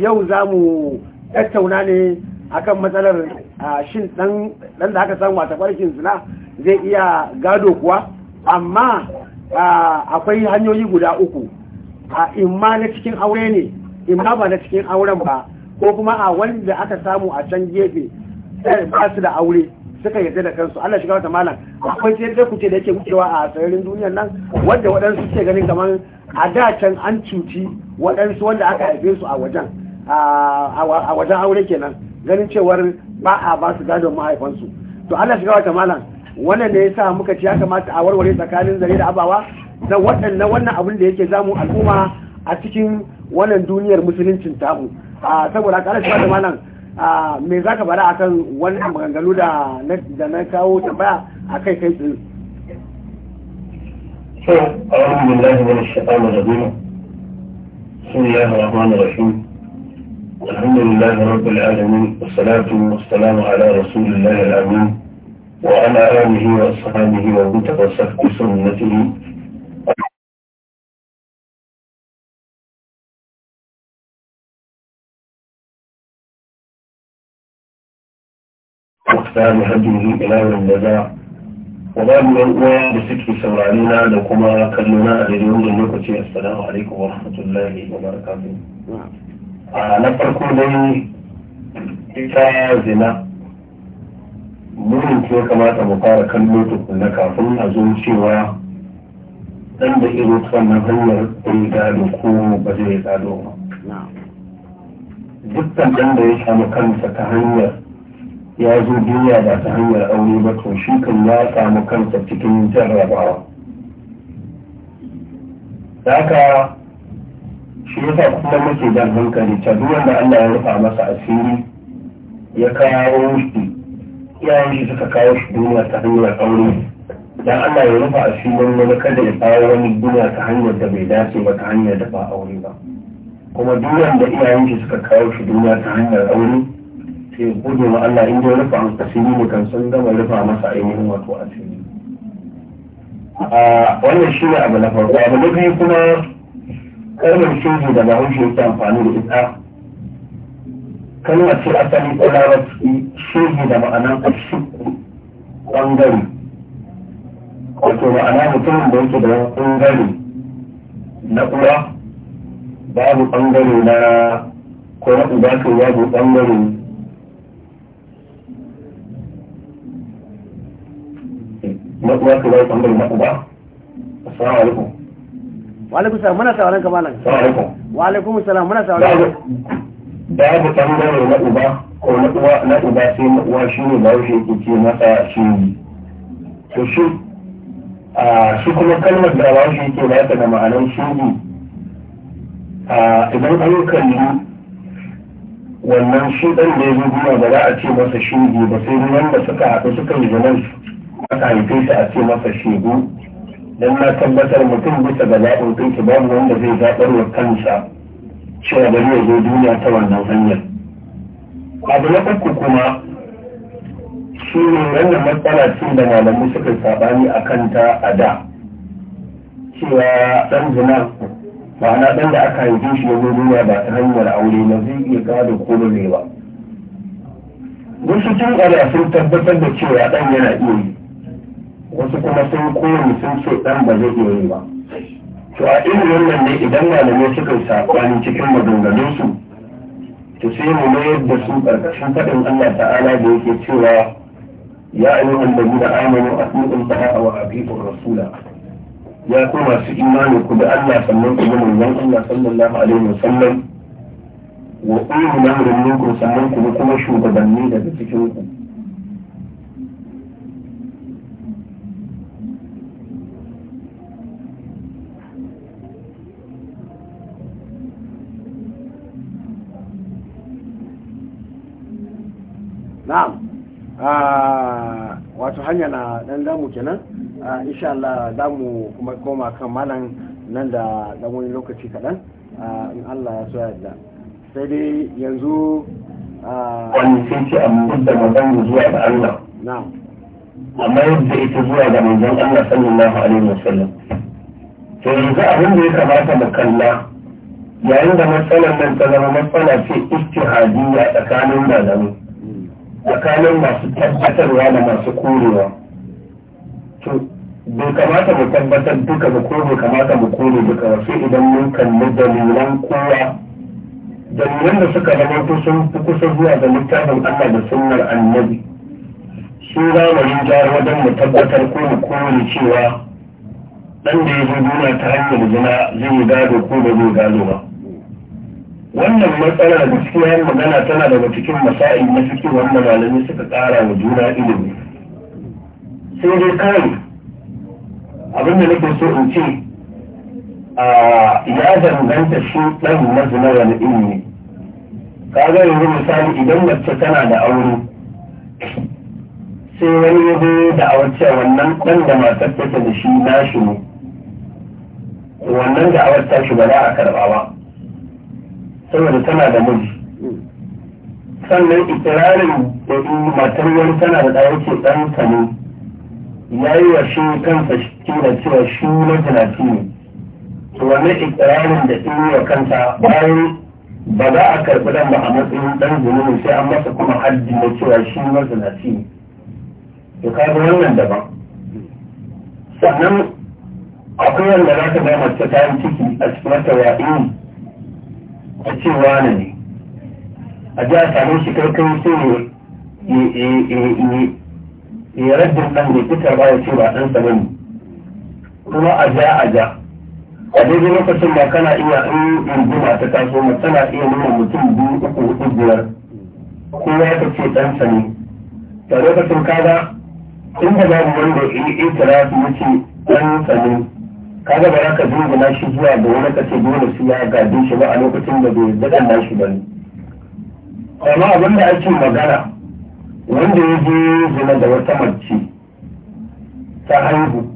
yau za mu tattauna ne akan matsalar shin dan da aka samu a tafarkin zina zai iya gado kuwa amma akwai hanyoyi guda uku imma na cikin aure ne imma ba na cikin auren ba ko kuma a wanda aka samu a can gefe eh, ba su da aure suka yarda da kansu Allah shiga wata malam akwai sai da kuce da yake wucewa a sararin duniyar nan wanda waɗansu ke ganin kamar a da can an cuci waɗansu wanda aka haife su a wajen a wajen aure kenan ganin cewar ba a ba su gadon mahaifansu to Allah shiga wata malam wannan ne yasa muka ci ya kamata a warware tsakanin zare da abawa na waɗannan wannan abin da yake zamu al'umma a cikin wannan duniyar musuluncin tamu saboda Allah shiga wata malam me zaka bara akan wannan maganganu da na kawo tambaya akai kai tsaye أعوذ بالله من الشيطان الرجيم بسم الله الرحمن الرحيم الحمد لله رب العالمين والصلاة والسلام على رسول الله الأمين وعلى آله وأصحابه ومن تفسق بسنته واختار هديه إلى الجزاء babu yan uwa da suke saurari na da kuma kallo na a daidai wanda lokaci assalamu alaikum wa rahmatullahi wa barakatu a na farko dai ita zina burin ya kamata mu fara kallo tukunna kafin a zo cewa dan da irin wannan hanyar bai gado ko ba zai gado ba dukkan dan da ya samu kansa ta hanyar ya zo duniya ba ta hanyar aure ba to shi kan ya samu kansa cikin jarrabawa haka shi yasa kuma muke jan hankali ta duk da Allah ya rufa masa asiri ya kawo shi iyayen shi suka kawo shi duniya ta hanyar aure dan Allah ya rufa asirin wani kada ya kawo wani duniya ta hanyar da bai dace ba ta hanyar da ba aure ba kuma duk da iyayen shi suka kawo shi duniya ta hanyar aure ce gudu ma Allah in ya rufa masa asiri ne kan san gama rufa masa ainihin wato asiri a wannan shi ne abu na farko abu na biyu kuma kalmar shirji da hushe yake amfani da ita kalmar ce asali ta larabci shirji da ma'anar ashiku ɓangare wato ma'ana mutumin da yake da ɓangare na uwa babu ɓangare na ko na uba to babu ɓangare na uwa ta bai tambayi na uba assalamu alaikum wa alaikum salam muna sauraron ka malam assalamu alaikum wa alaikum salam muna sauraron da ba tambayar na uba ko na na uba sai na shine ba yake ke masa shi to shi a shi kuma kalmar da ba shi ke ba da ma'anar shi a idan an kalli wannan shi ɗan da ya zo ba za a ce masa shudi ba sai wanda suka haɗu suka yi zaman aka haife shi a ce masa shegu don na tabbatar mutum bisa ga zaɓin kanki babu wanda zai zaɓar wa kansa cewa bari ya zo duniya ta wannan hanyar abu na uku kuma shi ne wannan matsala cin da malamu suka saɓani a kanta a da cewa ɗan zina ma'ana ɗan da aka haife shi ya zo duniya ba ta hanyar aure ba zai iya gado ko ba wasu cin ƙwarya sun tabbatar da cewa ɗan yana iya yi wasu kuma sun kore sun ce dan ba zai iya yi ba to a irin wannan ne idan malamai suka saɓani cikin maganganunsu to sai mu mayar da su ƙarƙashin faɗin Allah ta'ala da yake cewa ya ayyuhan da amanu atiiu Allah wa atiiu rasula ya ku masu imani ku da Allah sannan ku da manzon Allah sallallahu alaihi wasallam wa ulul amri minkum sannan ku kuma shugabanni daga cikin ku Ah, wato hanya na dan damu kenan ah, insha Allah za mu kuma koma kan malam nan da dan wani lokaci kaɗan ah, in Allah ya so yarda sai dai yanzu wani sun ce amma daga ban zuwa ga Allah na'am amma yadda ita zuwa ga manzon Allah sallallahu alaihi wasallam to yanzu abin da ya kamata mu kalla yayin da matsalar nan ta zama matsala ce ijtihadiyya tsakanin zama tsakanin masu tabbatarwa da masu korewa to bai kamata mu tabbatar duka ba ko bai kamata mu kore duka ba sai idan mun kalli dalilan kowa dalilan da suka zama to sun fi kusa zuwa da littafin Allah da sunnar annabi Sun za mu rinjar wajen mu tabbatar ko mu kore cewa dan da ya zo duniya ta hanyar zina zai gado ko ba zai gado ba wannan matsala da cikin magana tana daga cikin masa'in na cikin wanda malami suka ƙara wa juna ilimi sai dai kawai abin da nake so in ce ya danganta shi ɗan mazina wani ilimi ga yanzu misali idan mace tana da aure sai wani ya zo da wacce wannan ɗan da matar da shi nashi ne wannan da wacce shi ba za a karba ba saboda tana da miji sannan ikirarin da yi matar wani tana da ɗaya ce ɗan ne ya yi wa shi kansa shi da cewa shi na jinafi ne to wannan ikirarin da yi wa kanta bayan ba za a karɓi ɗan ba a matsayin ɗan zunubi sai an masa kuma haddi na cewa shi na jinafi ne to kaga wannan daban sannan akwai wanda za ka ga mace ta yi ciki a cikin wata yaɗi a ce wane ne a ji a same shi karkar sai ya raddin ɗan da fitar ba ya ce ba ɗan sanar kuma a ja a ja a daidai lokacin ba kana iya in rigima ta taso ma tana iya nuna mutum biyu uku hudu biyar kowa ya ce ɗan sani da lokacin kaga inda babu wanda ya yi itirafi ya ce ɗan sani kaga ba za ka na shi zuwa da wani kace dole su ya gaje shi ba a lokacin da bai daga na shi ba ne amma abin da ake magana wanda ya je zina da wata mace ta haihu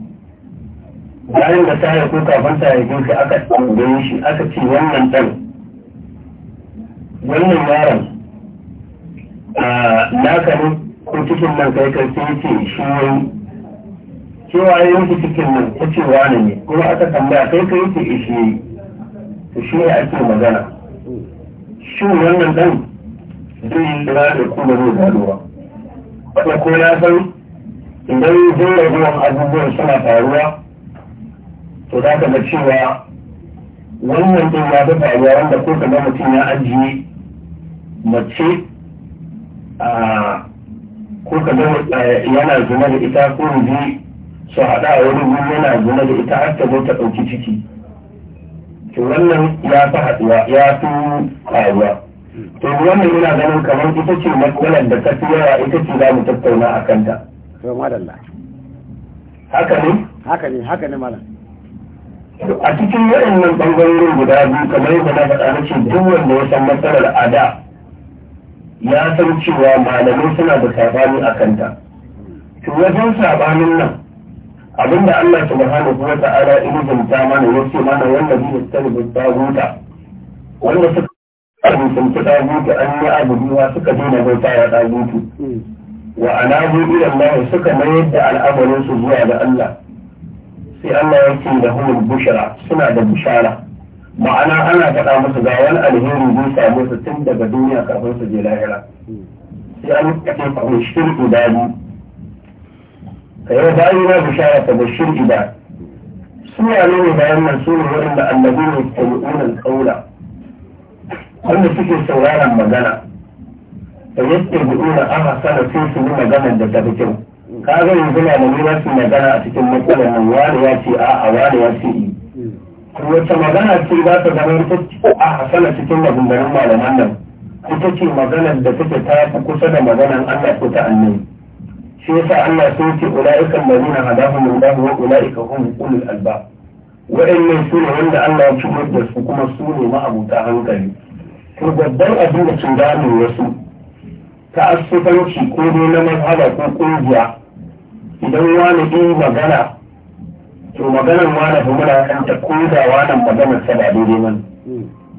bayan da ta haihu kafin ta haihu shi aka tambaye shi aka ce wannan dan wannan yaron a naka ne ko cikin nan kai kai sai ce shi wani cewa ya yanku cikin nan ta ce wani ne kuma aka tambaya kai ka yi ta ishe shi ne ake magana shi wannan dan zai yi da da kuma zai gado ba wanda ko na san idan zai ruwan abubuwan suna faruwa to za ka ga cewa wannan din ya faruwa wanda ko ka ga mutum ya ajiye mace a ko ka yana zuma da ita ko ji su haɗa a wani wuri yana gona da ita har ta zo ta ɗauki ciki to wannan ya fi haɗuwa ya fi haɗuwa to wannan yana ganin kamar ita ce matsalar da ta fi yawa ita ce za mu tattauna a kanta. to madalla. haka ne? haka ne haka ne malam. a cikin waɗannan ɓangarorin guda biyu kamar yadda na faɗa na ce duk wanda ya san matsalar a da ya san cewa malamai suna da sabani a kanta. to wajen sabanin nan abinda Allah subhanahu wa ta'ala irin ta mana yace mana wannan bi tabu tabuta wanda suka sun ta tabuta an yi abubuwa suka daina bauta ya tabutu wa anabu ila Allah suka mayar da al'amarin su zuwa ga Allah sai Allah ce da hulul bushara suna da bushara ma'ana ana faɗa musu ga wani alheri zai same su tun daga duniya kafin su je lahira sai an kace fa shirku dadi فهي دائما بشارة بشير su ne مني بأن رسول وإلا الذين يستمعون القول wanda suke sauraron magana da yadda gudunar aka sana sai su yi magana da ta kyau ka ga yanzu na da nuna su magana a cikin matsalar nan wani ya ce a a wani ya ce yi wacce magana ce za ta zama ita a hasana cikin maganganun malaman nan ita ce maganar da take ta fi kusa da maganar Allah ko ta annabi shi yasa Allah sai ce ula'ikan ladina hadahum Allah wa ula'ika hum ulul albab wa'annan su wanda Allah ya ci da su kuma su ne ma'abuta hankali to babban abin da cin gano wasu ta asubanci ko dai na mazhaba ko kungiya idan wani yi magana to maganar wani fi muna kanta ko da wannan maganar sa ba daidai man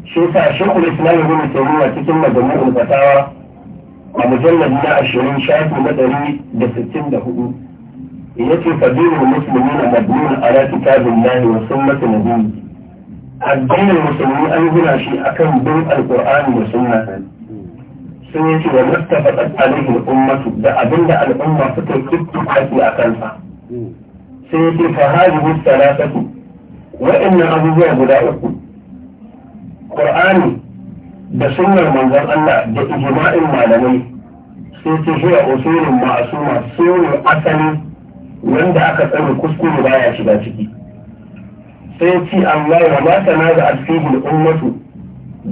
shi yasa shekul islam ibn taymiya cikin majmu'ul fatawa a mujallar na ashirin shafi na ɗari da sittin da hudu ya ce fadilu musulmi na mabnun ala kitabin lahi wa sunnati nabiyyi addinin musulmi an gina shi akan bin Alƙur'ani da sunna sun yi ce wa mustafaqat alaihi al da abinda al'umma suka kittu a kansa sai ya ce fa hadhihi salasatu wa inna abubuwa guda uku Ƙur'ani. da sunan manzon Allah da ijma'in malamai sai ce shi a usulin ma'asuma sunan asali wanda aka tsare kuskure baya shiga ciki sai ce Allah ba ta sana da alfihil ummatu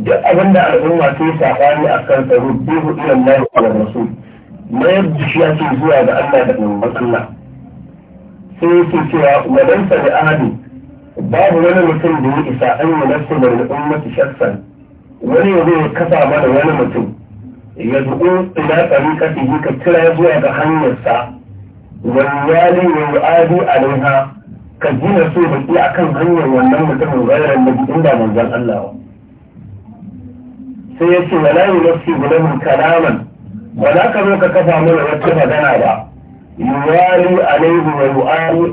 da abin da al'umma ta yi safani a kan tsaro bihu na lahi wa rasul na yadda shi ce zuwa ga Allah da manzon Allah sai yake cewa wadansa da ahadi babu wani mutum da ya isa an yi nafsu da al'ummatu shaksan wani yanzu ya kasa mana wani mutum ya zuɓo ina tsari kasi yi ka kira zuwa ga hanyarsa wani ya yi adi a ha, ka gina so baki a kan hanyar wannan mutumin gairar da jikin da manzan Allah sai ya ce wala yi nafsi gulamin kalaman za ka zo ka kafa mana wata magana ba yuwali alaihi wa yu'ali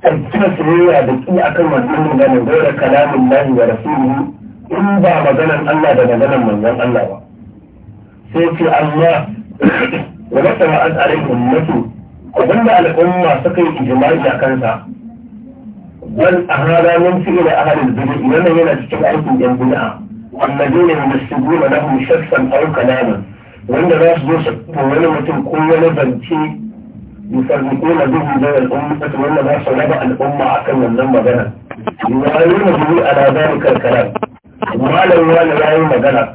tsakiyar soyayya da ki akan wannan maganin gairar kalamin lahi wa rasulihi in ba maganan Allah da maganan manzon Allah ba sai ce Allah wa masana an alaihi ummatu abinda al'umma suka yi ijma'i a kansa wal ahada min fi'l ahli al-bid'ah wannan yana cikin aikin yan bid'a annabiyina yamsuguna lahum shakhsan aw kalaman wanda za su zo su wani mutum ko wani zance يفرقون به بين الأمة ولا ما صلب الأمة عكا من لما بنى يعينه على ذلك الكلام malami ya yi magana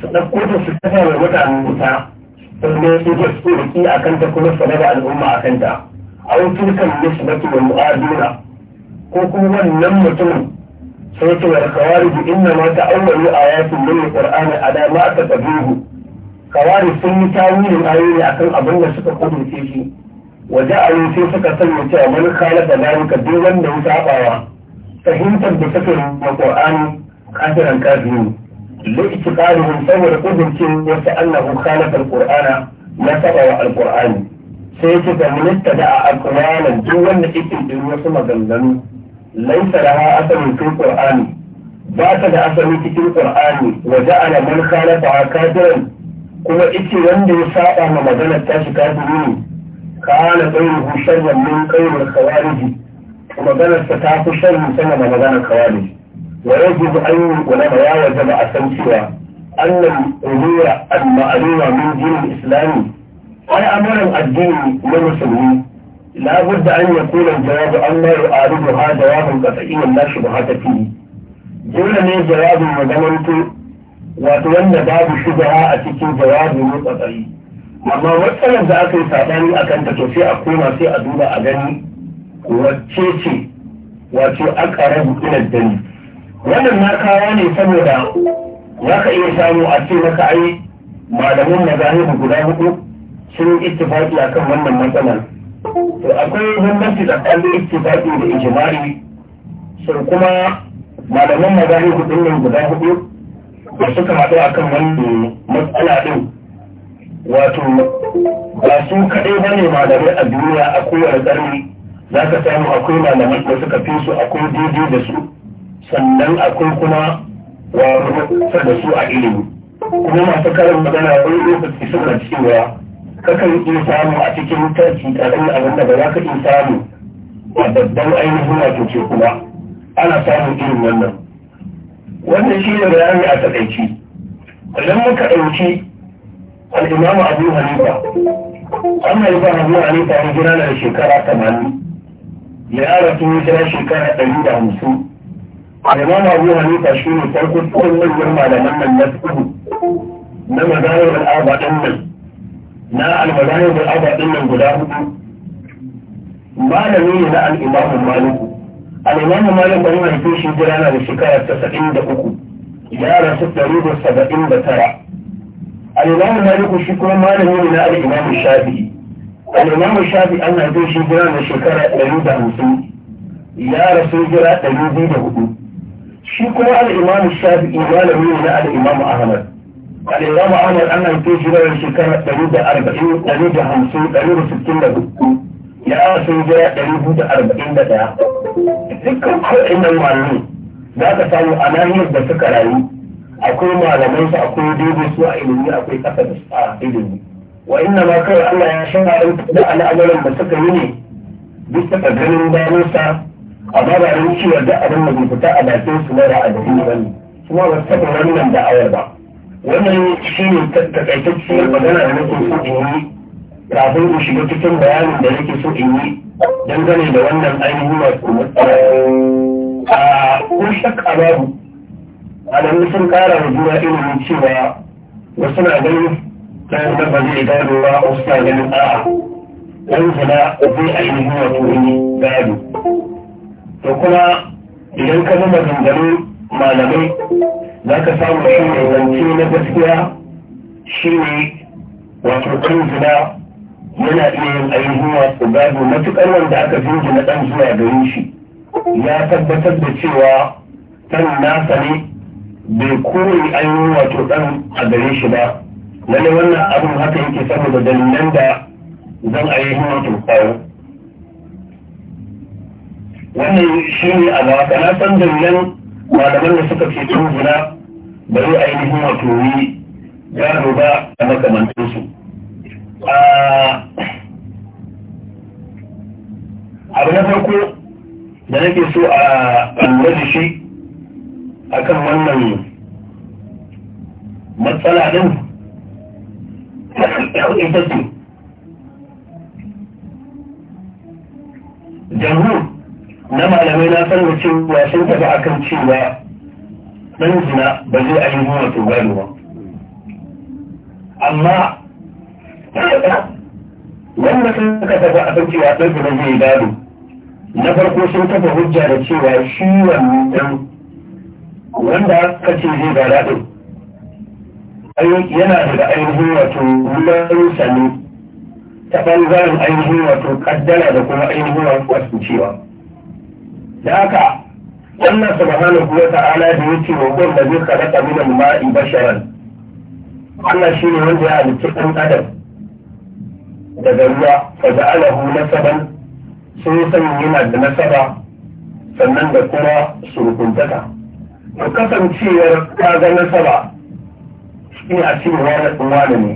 su ɗauko ta su kasa mai mutane wuta sun ne su ke su riki a kanta kuma su raba al'umma a kanta a wutar kan nishi na tuwa mu'aduna ko kuma wannan mutumin sai ce wal kawarij inna ma ta'awwalu ayatin min qur'ani ada ma taqabuhu kawarij sun yi tawilin ayoyi akan abin da suka kudurce shi waje a yi sai suka sanya wa man khalafa dalika duk wanda ya sabawa fahimtar da suka yi wa qur'ani kafiran kafiru laifi ƙarihun saboda ƙudurcin wasu annahu khalafa Kur'ana na saba wa alƙur'ani sai yake da minista da a alƙur'anan duk wanda yake ɗin wasu maganganu laisa da ha asalin cikin ƙur'ani ba ta da asali cikin ƙur'ani wa ja'ala man khalafa kafiran kuma ita wanda ya saba ma maganar tashi kafiri ne kana ɗauruhu sharran min ƙaurin khawariji maganarsa ta fi sharri sama da maganar khawariji ويجب أن ولما يا وجب أن الأمور المعلومة من دين الإسلام الأمر الدين للمسلمين لا بد أن يكون الجواب أما يعارضها جواب قطعي لا شبهة فيه دون لي جواب مدمنت وأتمنى باب شبهة أتيك جواب قطعي amma matsalar da aka yi saɓani a kanta to sai a koma sai a duba a gani wacce ce wannan na kawo ne saboda za ka iya samu a ce maka ai malamin mazahibu guda hudu sun ittifaki kan wannan matsalar to akwai bambanci tsakanin ittifaki da ijimari sun kuma malaman mazahibu din nan guda hudu da suka haɗu a kan wannan matsala din wato ba su kaɗai ba ne malamai a duniya a kowane ƙarni za ka samu akwai malaman da suka fi su akwai daidai da su sannan akwai kuma wa da su a ilimi kuma masu karin magana wani lokaci suna cewa kakan iya samu a cikin tarki karin abin da ba za ka iya samu a babban ainihin wato ce kuma ana samun irin wannan wannan shi ne bayani a takaici idan muka ɗauki al'imamu abu hanifa an haifa abu hanifa ya gina da shekara tamanin ya rasu ya shekara ɗari da hamsin Imam Abu Hanifa shi ne farko tsohon manyan malaman nan na tsuru na mazayar al'aba ɗin nan na almazayar al'aba ɗin nan guda hudu malami ne na al'imamu maliku al'imamu maliku an haife shi jira na da shekara tasa'in da uku ya rasu ɗari da saba'in da tara al'imamu maliku shi kuma malami ne na al'imamu shafi'i al'imamu shafi'i an haife shi jira na shekara ɗari da hamsin ya rasu jira ɗari biyu da hudu shi kuma al'imamu shafi'i malami ne na al'imamu ahmad al'imamu ahmad an haife shi bayan shekara ɗari da arba'in ɗari da hamsin ɗari da sittin da hudu ya asin jira ɗari biyu arba'in da ɗaya dukkan ko'innan malamai za ka samu a nahiyar da suka rayu akwai malamai, su akwai daidai su a ilimi akwai ƙasa da su a ilimi wa inna ma kawai Allah ya shara da al'amuran da suka yi ne bisa ga ganin bayansa amma ba da cewa da abin da fita a bakin su mara a gari ba ne kuma ba taɓa wannan da'awar ba wannan shi ne takaitacciyar magana da nake so in yi kafin in shiga cikin bayanin da nake so in yi dangane da wannan ainihin wato matsala a kun shakka babu alamu sun kara wa juna ilimin cewa wasu na ganin ɗan da ba zai gado ba wasu na ganin a'a ɗan zana zai ainihin wato yi gado da kuma idan ka zama zangarin malamai za ka samu shi ne zance na gaskiya shi ne wato ɗan zina yana iya yin ayyuhuwa su gado matuƙar wanda aka jinjira ɗan zuwa gare shi ya tabbatar da cewa ɗan nasa ne bai kore ayyuhu wato ɗan a gare shi ba lallai wannan abin haka yake saboda dalilan da zan ayyuhu wato kawo wannan shi ne a ba na san dalilan malaman da suka ce tun guna ba a yi wato yi gano ba a su. abu na farko da nake so a lura da shi akan wannan matsala ɗin ita ce na malamai na san da cewa sun tafi akan cewa dan zina ba zai a yi zuwa to gado ba amma wanda sun ka tafi akan cewa dan zina zai gado na farko sun tafi hujja da cewa shi wannan wanda aka ce zai gada ɗin yana daga ainihin wato wulan sani ta ɓangaren ainihin wato kaddala da kuma ainihin wato cewa da haka Wannan subhanahu wa ta'ala da yake roƙon da zai khalaqa min al-ma'i basharan Allah shi ne wanda ya halicci ɗan adam daga ruwa fa ja'alahu nasaban sun ya sanya yana da nasaba sannan da kuma surukuntaka to kasancewar ta nasaba shi a cikin wani wani ne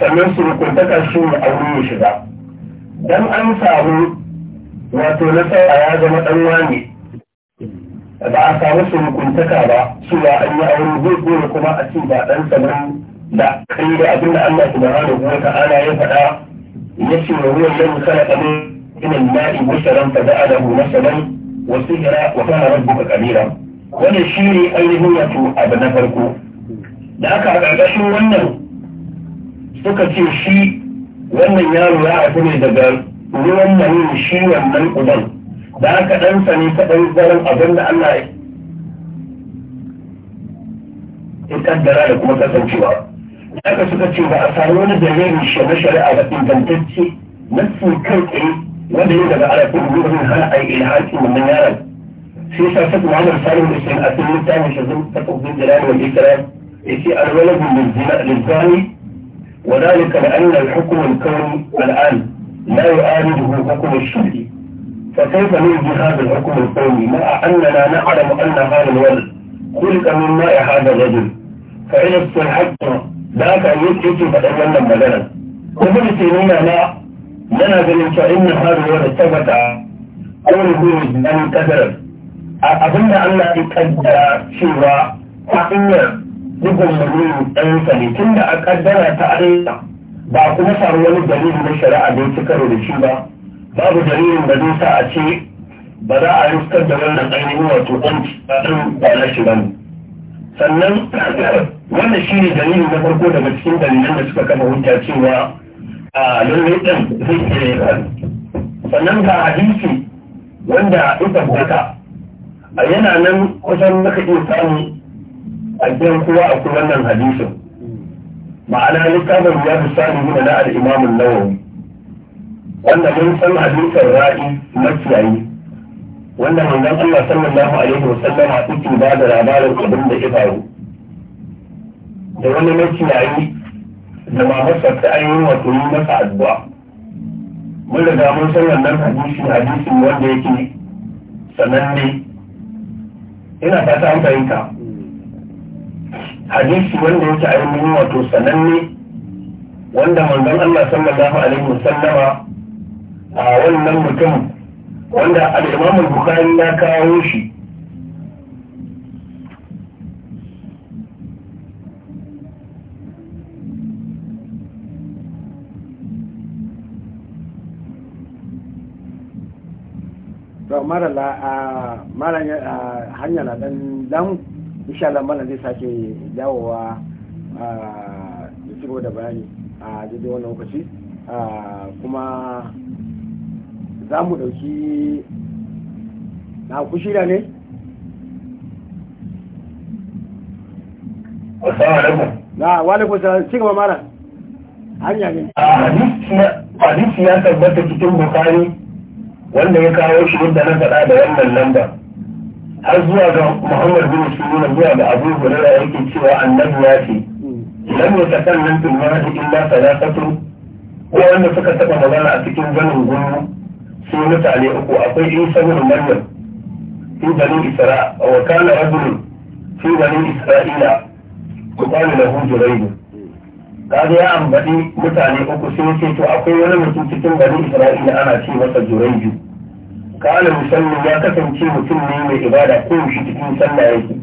sannan surukuntaka shi ne a wurin shiga dan an samu wato na tsaya ya zama ɗan wane ba a samu su hukuntaka ba cewa an yi aure zai gora kuma a ce ba ɗan saman da kai da abin da Allah subhanahu wa ta'ala ya faɗa ya ce wa ruwan nan kana kamin inan ma'i musaran fa ja'alahu masalan wa sihra wa kana rabbuka kabira wannan shine ne ainihin wato abu na farko da aka a ƙarƙashin wannan suka ce shi wannan yaro ya afu ne daga ne wannan shi wannan uban da aka ɗansa ne kaɗan zaran abin da Allah ya ya kaddara da kuma kasancewa haka suka ce ba a sami wani dalilin shari'a shari'a ba ingantacce nassin kai tsaye wanda ya daga alaƙin gudun hana a yi ilhaƙin wannan yaron sai sa sa kuma hannun salim da sun asirin littafin shi zan ta kubin jirani wanda ikira ya ce alwalabin lizzani wadalika da annar hukumar kauni al'an لا يعالجه حكم الشرك فكيف نلجي هذا الحكم القومي مع أننا نعلم أن هذا الولد خلق من ماء هذا الرجل فإن استلحقت ذاك أن يتحكي فتجنب بدلا وفي سنين لا لنا ذلك فان هذا الولد ثبت قوله من كثر أظن أن يقدر شيئا فإن dukkan mutum انسان ne اقدر da ba kuma samu wani dalilin na shari'a da ya karo da shi ba babu dalilin da zai sa a ce ba za a riskar da wannan ainihin wato ɗan ba na shi ba ne sannan wannan shi ne dalilin na farko daga cikin dalilan da suka kama hujja cewa a lallai ɗin zai iya yi sannan ga hadisi wanda ita bukata a yana nan kusan muka iya samu a gidan kowa a wannan hadisin ma'ana kama ya fi sani nuna na al'imamun nawawi wanda mun san hadisin ra'i makiyayi wanda manzon Allah sallallahu alaihi wasallam a cikin ba da labarin abin da ya faru da wani makiyayi da mamarsa ta yi wato yi masa addu'a mun riga mun san wannan hadisi hadisin wanda yake sananne ina fata an fahimta hadisi wanda yake ainihin wato sananne wanda manzon Allah sallallahu alaihi wasallama a wannan mutum wanda al-Imam Bukhari ya kawo shi mara la a mara hanya na dan dan insha Allah zai sake dawowa da ciro da bayani a daidai wannan lokaci kuma za mu ɗauki na ku shirya ne? na wani kusa ci gaba mara hanya ne hadisi ya tabbata cikin bukari wanda ya kawo shi da na faɗa da wannan lambar. har zuwa ga muhammad bin sulaiman zuwa ga abu hurairah yake cewa annabi ya ce lam yatakallam fil mar'i illa salatatu ko wanda suka taba magana a cikin zanin gurbu sai mutane uku akwai isa bin maryam fi bani isra'a wa kana rajulun fi bani isra'ila yuqalu lahu jurayb kaga ya ambaci mutane uku sai ce to akwai wani mutum cikin bani isra'ila ana ce masa Juraiju. kala musamman ya kasance mutum ne mai ibada ko shi cikin sallah yake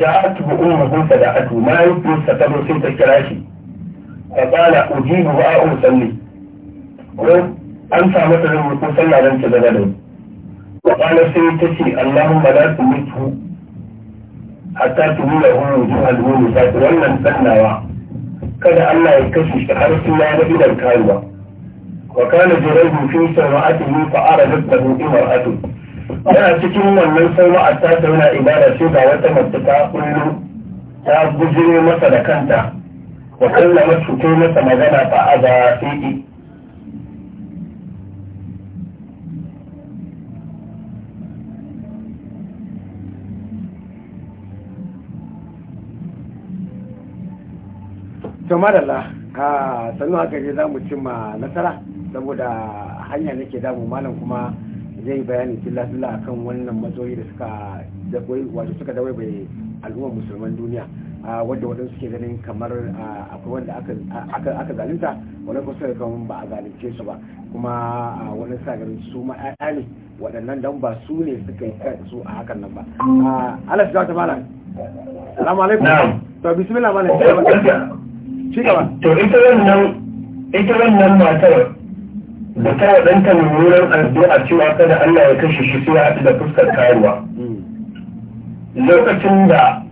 ja atu bu umma hun sada atu ma yutu sai ta kira shi fa kala ujibu wa um salli ko an sa mata da mutum sallah dan ta daga dai wa kala sai ta ce allahumma la tumitu hatta tumila hu wujuhu al wannan sallawa kada allah ya kashe shi har sai ya ga idan kaiwa وكان جريج في سمعته فعرفت له امرأته أنا تكون من نفسه وأتاك من عبادة سيدة وتمتكا قلو تاب بجري مثل كنتا وكل ما تكون سمدنا فأذا فيه جمال الله ka sannu haka ne za mu cimma nasara saboda hanya nake damu malam kuma zai bayani filla filla akan wannan matsoyi da suka dawai wato suka dawai bai al'ummar musulman duniya wadda waɗansu suke ganin kamar akwai wanda aka zalunta wani kuma suka kan ba a zalunce su ba kuma wani suka ganin su ma'aya ne waɗannan dan ba su ne suka yi su a hakan nan ba alas da wata malam salamu alaikum to bismillah malam to ita wannan matar da ta waɗanta mummunan addu'a cewa kada Allah ya kashe shi sai da fuskar karuwa lokacin da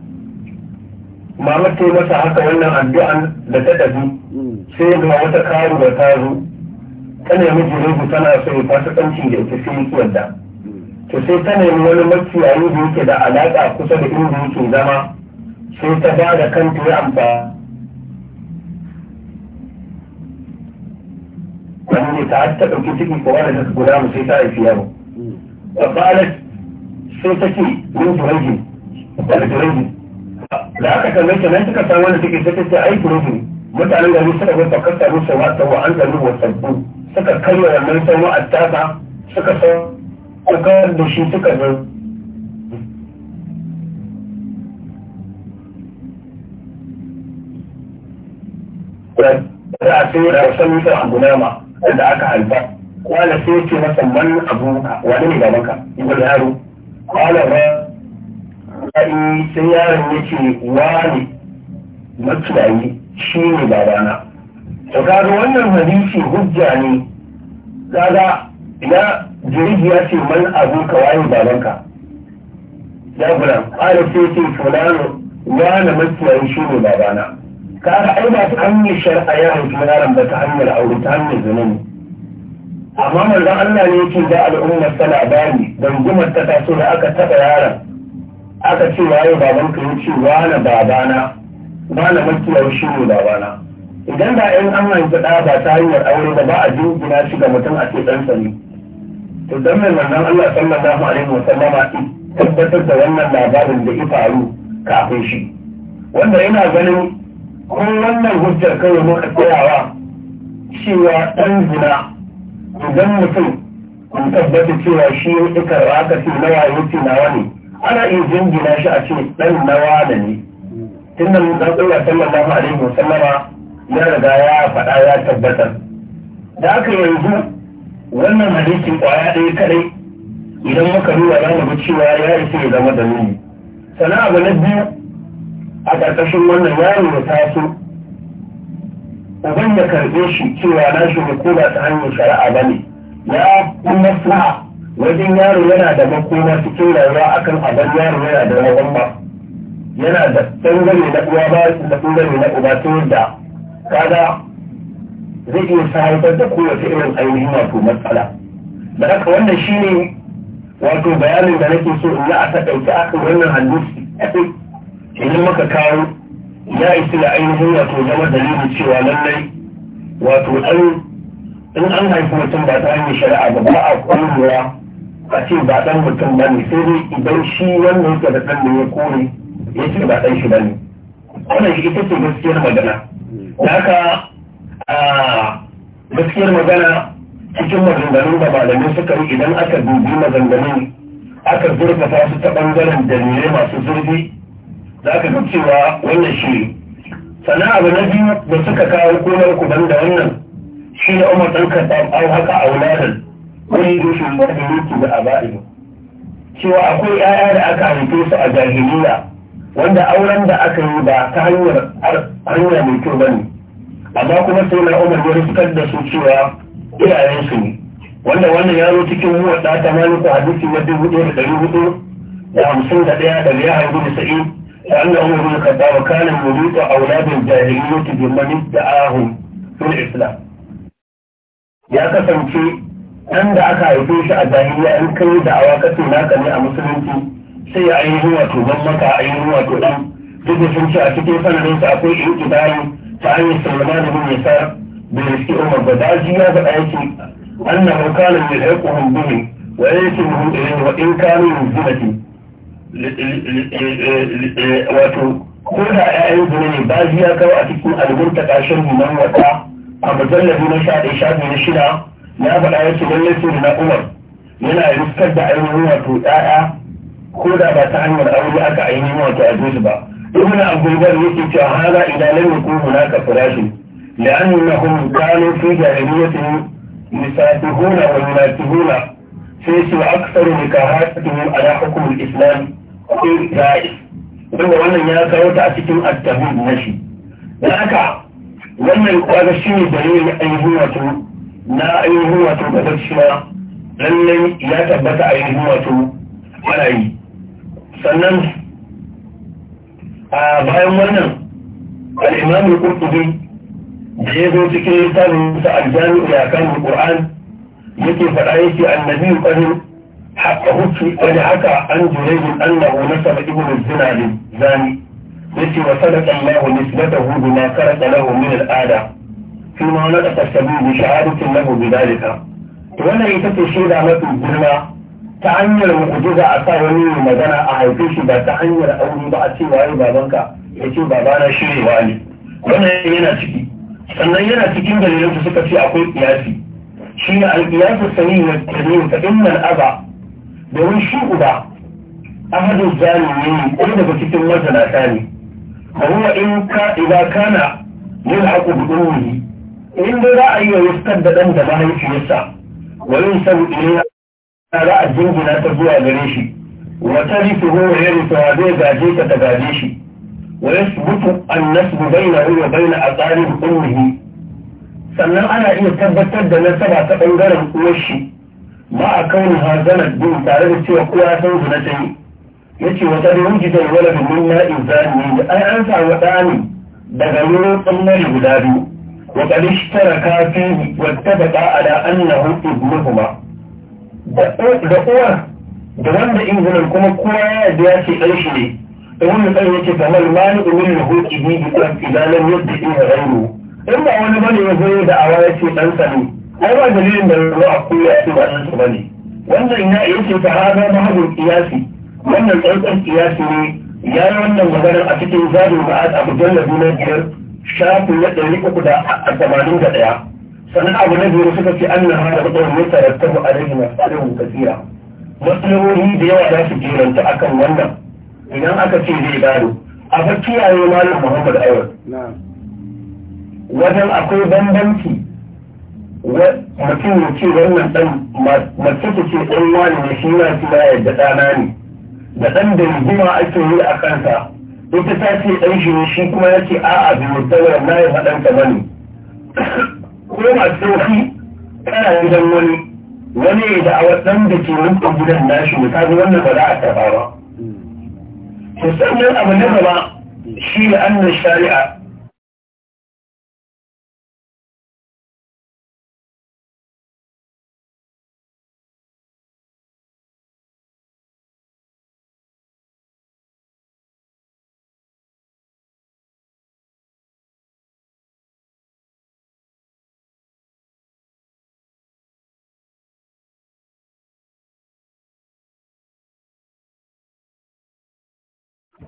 mama ta yi masa haka wannan addu'an da ta ɗabi, sai ga wata karuwa ta zo ta nemi jirugu tana so ya fasa kancin da ita sai yake wadda to sai ta nemi wani makiyayi da yake da alaƙa kusa da inda yake zama sai ta ba da kanta ya amfani فهم يتعتقوا كثير من قوانا غلام سيطاء فيهم فقالت سيطتي من جريجي قال جريجي لا تكلمت من تكلمت وانا تكلمت اي جريجي متى عن الهي سنة وفكرت عنه سواء سواء عنك نوه وصدبو سكا كيو يا من سواء التابع سكا سواء وكان دوشي سكا نوه رأى سيئة وسلم سواء عبد wanda aka haifa kwana sai ce masa man abu wani ne babanka ibn yaro kwana ba sai sai yaron ya ce wani matuwayi shi ne babana to kaga wannan hadisi hujja ne kaga ya jirgi ya ce man abu ka wani babanka ya gudan kwana sai ce fulano wani matuwayi shi ne babana kaga ai ba ta hanyar shari'a ya haifi yaron ba ta hanyar aure ta hanyar zina ne amma manzon Allah ne yake da al'ummar ta labari dangumar ta taso da aka taɓa yaron aka ce waye baban ka yace wani babana wani makiyar shi ne babana idan da in an haifi ɗa ba ta hanyar aure ba ba a jingina shi ga mutum a ce ɗansa ne to dan mai manzon Allah sallallahu alaihi wa sallama tabbatar da wannan labarin da ya faru kafin shi wanda yana ganin kun wannan hujjar kawai muka tsayawa cewa ɗan zina idan mutum kun tabbata cewa shi ya ƙi karɓa aka ce na waye ce nawa ne ana iya jingina shi a ce ɗan nawa da ne tun da mun ɗaukar sallallahu alaihi wasallama ya riga ya faɗa ya tabbatar da aka yanzu wannan hadisin ƙwaya ɗaya kaɗai idan muka duba za mu ga cewa ya isa ya zama da nuni sannan abu na biyu a ƙarƙashin wannan yaro ya taso uban ya karɓe shi cewa na shi ne ko ba ta hanyar shari'a ba ne ya kun maslaha wajen yaro yana da makoma cikin rayuwa akan abin yaro yana da rawan ba yana da ɓangare na uwa ba da ɓangare na uba ta yadda kaga zai iya sahaifar da kowace irin ainihin wato matsala da haka wannan shine wato bayanin da nake so in yi a taƙaice akan wannan hadisi idan muka kawo ya isi da ainihin wato zama dalilin cewa lallai wato ɗan in an haifi mutum ba ta hanyar shari'a ba ba a ƙwarewa a ce ba ɗan mutum ba ne sai dai idan shi wanda yake da ɗan da ya kore ya ce ba ɗan shi ba ne wannan shi ita ce gaskiyar magana haka a gaskiyar magana cikin maganganun da malamai suka yi idan aka dubi maganganun aka zurfafa su ta ɓangaren dalilai masu zurfi za ka cewa wannan shi sannan abu na biyu da suka kawo komar ku ban da wannan shi ne umar ɗan karɓar an haka a wuladan wani rushin da yake da aba'in cewa akwai 'ya'ya da aka haife su a jahiliya wanda auren da aka yi ba ta hanyar hanya mai kyau ba ne amma kuma sai na umar ya rufkar da su cewa iyayensu ne wanda wannan ya zo cikin muwa ta ta maliku hadisi na dubu ɗaya da ɗari hudu da hamsin da ɗaya da biyar haihu da sa'i لأنه من وكان وجود أولاد الجاهلية بمن ادعاهم في الإسلام ya kasance an da aka haife shi a jahiliya an kai da awa kace naka ne a musulunci sai ya ainihin wato ban maka ainihin wato ɗan duk da sun ce a cikin sanadin sa akwai in kidayi ta hanyar sallama da bin yasa bai ba in wato ko da yayi gure ne ba ya kawo a cikin alburta kashin nan wata a mujallabi na sha ɗaya na shida na faɗa yake lallai sai na umar yana riskar da ainihin wato ɗaya ko da ba ta hanyar aure aka ainihin wato a ba ibn abdulbar yake cewa hada idan lam yakun hunaka firashin لأنهم كانوا في جاهلية يسافهون ويناتهون في أكثر نكاهاتهم على hukumar الإسلام irtari saboda wannan ya kawo ta a cikin attabi na shi don haka wannan kwaga shi ne dalilin ainihin wato na ainihin wato kasar shima lallai ya tabbata ainihin wato ana yi sannan a bayan wannan al'imamin kurtubi da ya zo cikin littafin sa aljami'u ya kan qur'an yake faɗa yake annabi ƙarin حقه في ولحكى يعني عن جريج انه نسب ابن الزنا للزاني التي وصلت الله نسبته بما كرت له من الآلة فيما نطق السبيل بشهادة له بذلك وانا يتكي شيدا مثل الزنا تعمل مقجزة أصاوني مدنة أعيقش بتعمل أولي بأتي وعي بابنك يتي بابانا شيء والي وانا ينا تكي أنا ينا تكي مدلل تسكت في أقول قياسي شيء القياس السليم الكريم فإن الأبع domin shi uba ahadu zalimi ɗaya daga cikin na ne a huwa in ka idza kana yulhaqu bi ummihi in dai za a yi wa yuskar da ɗan da mahaifiyarsa wa yin sabu za a jingina ta zuwa gare shi wa tarithuhu wa yarithuha zai gaje ka ta gaje shi wa mutu an-nasbu bainahu a tsarin ɗin ummihi sannan ana iya tabbatar da nasaba ta bangaren uwar shi ma a kawo hazanar din tare da cewa kowa san na ta yi ya ce wata da wuji da wala da na izani da ai an samu ɗani daga wurin ɓangare guda biyu wa ƙarish tara kafi wata da ƙa'ada an na hutu kuma da uwar da wanda ingilan kuma kowa ya yarda ya ce ɗanshi ne da wani ɗan ya ce kamar mani umin na hutu biyu da ƙwan ilalar yadda ina rayu in ba wani bane ya zo da awa ya ce ɗansa ne ai ba dalilin da ruwa a koya ya ce ba nan su bane wannan ya ce ta hada na hadin kiyasi wannan tsantsan kiyasi ne ya yi wannan maganar a cikin zaɓin ba'ad a mujallar na biyar shafin na ɗari uku da a tamanin da ɗaya sannan abu na biyu suka ce an na hada ɗaukar mota da tabu a rage masalin kasira matsaloli da yawa za su jiranta akan wannan idan aka ce zai gado a fa kiyaye malam muhammad aiwat wajen akwai bambanci mutum ya ce wannan ɗan mace ta ce ɗan wani ne shi na shi ya da ɗana ne da ɗan da rigima ake yi a kansa ita ta ce ɗan shi ne shi kuma ya ce a'a bai yadda na yi faɗan ka bane ko masu sauki kana gidan wani wani ya da awa ɗan da ke nufa gidan nashi ne kaga wannan ba za a taɓa ba to abu na gaba shi ne annan shari'a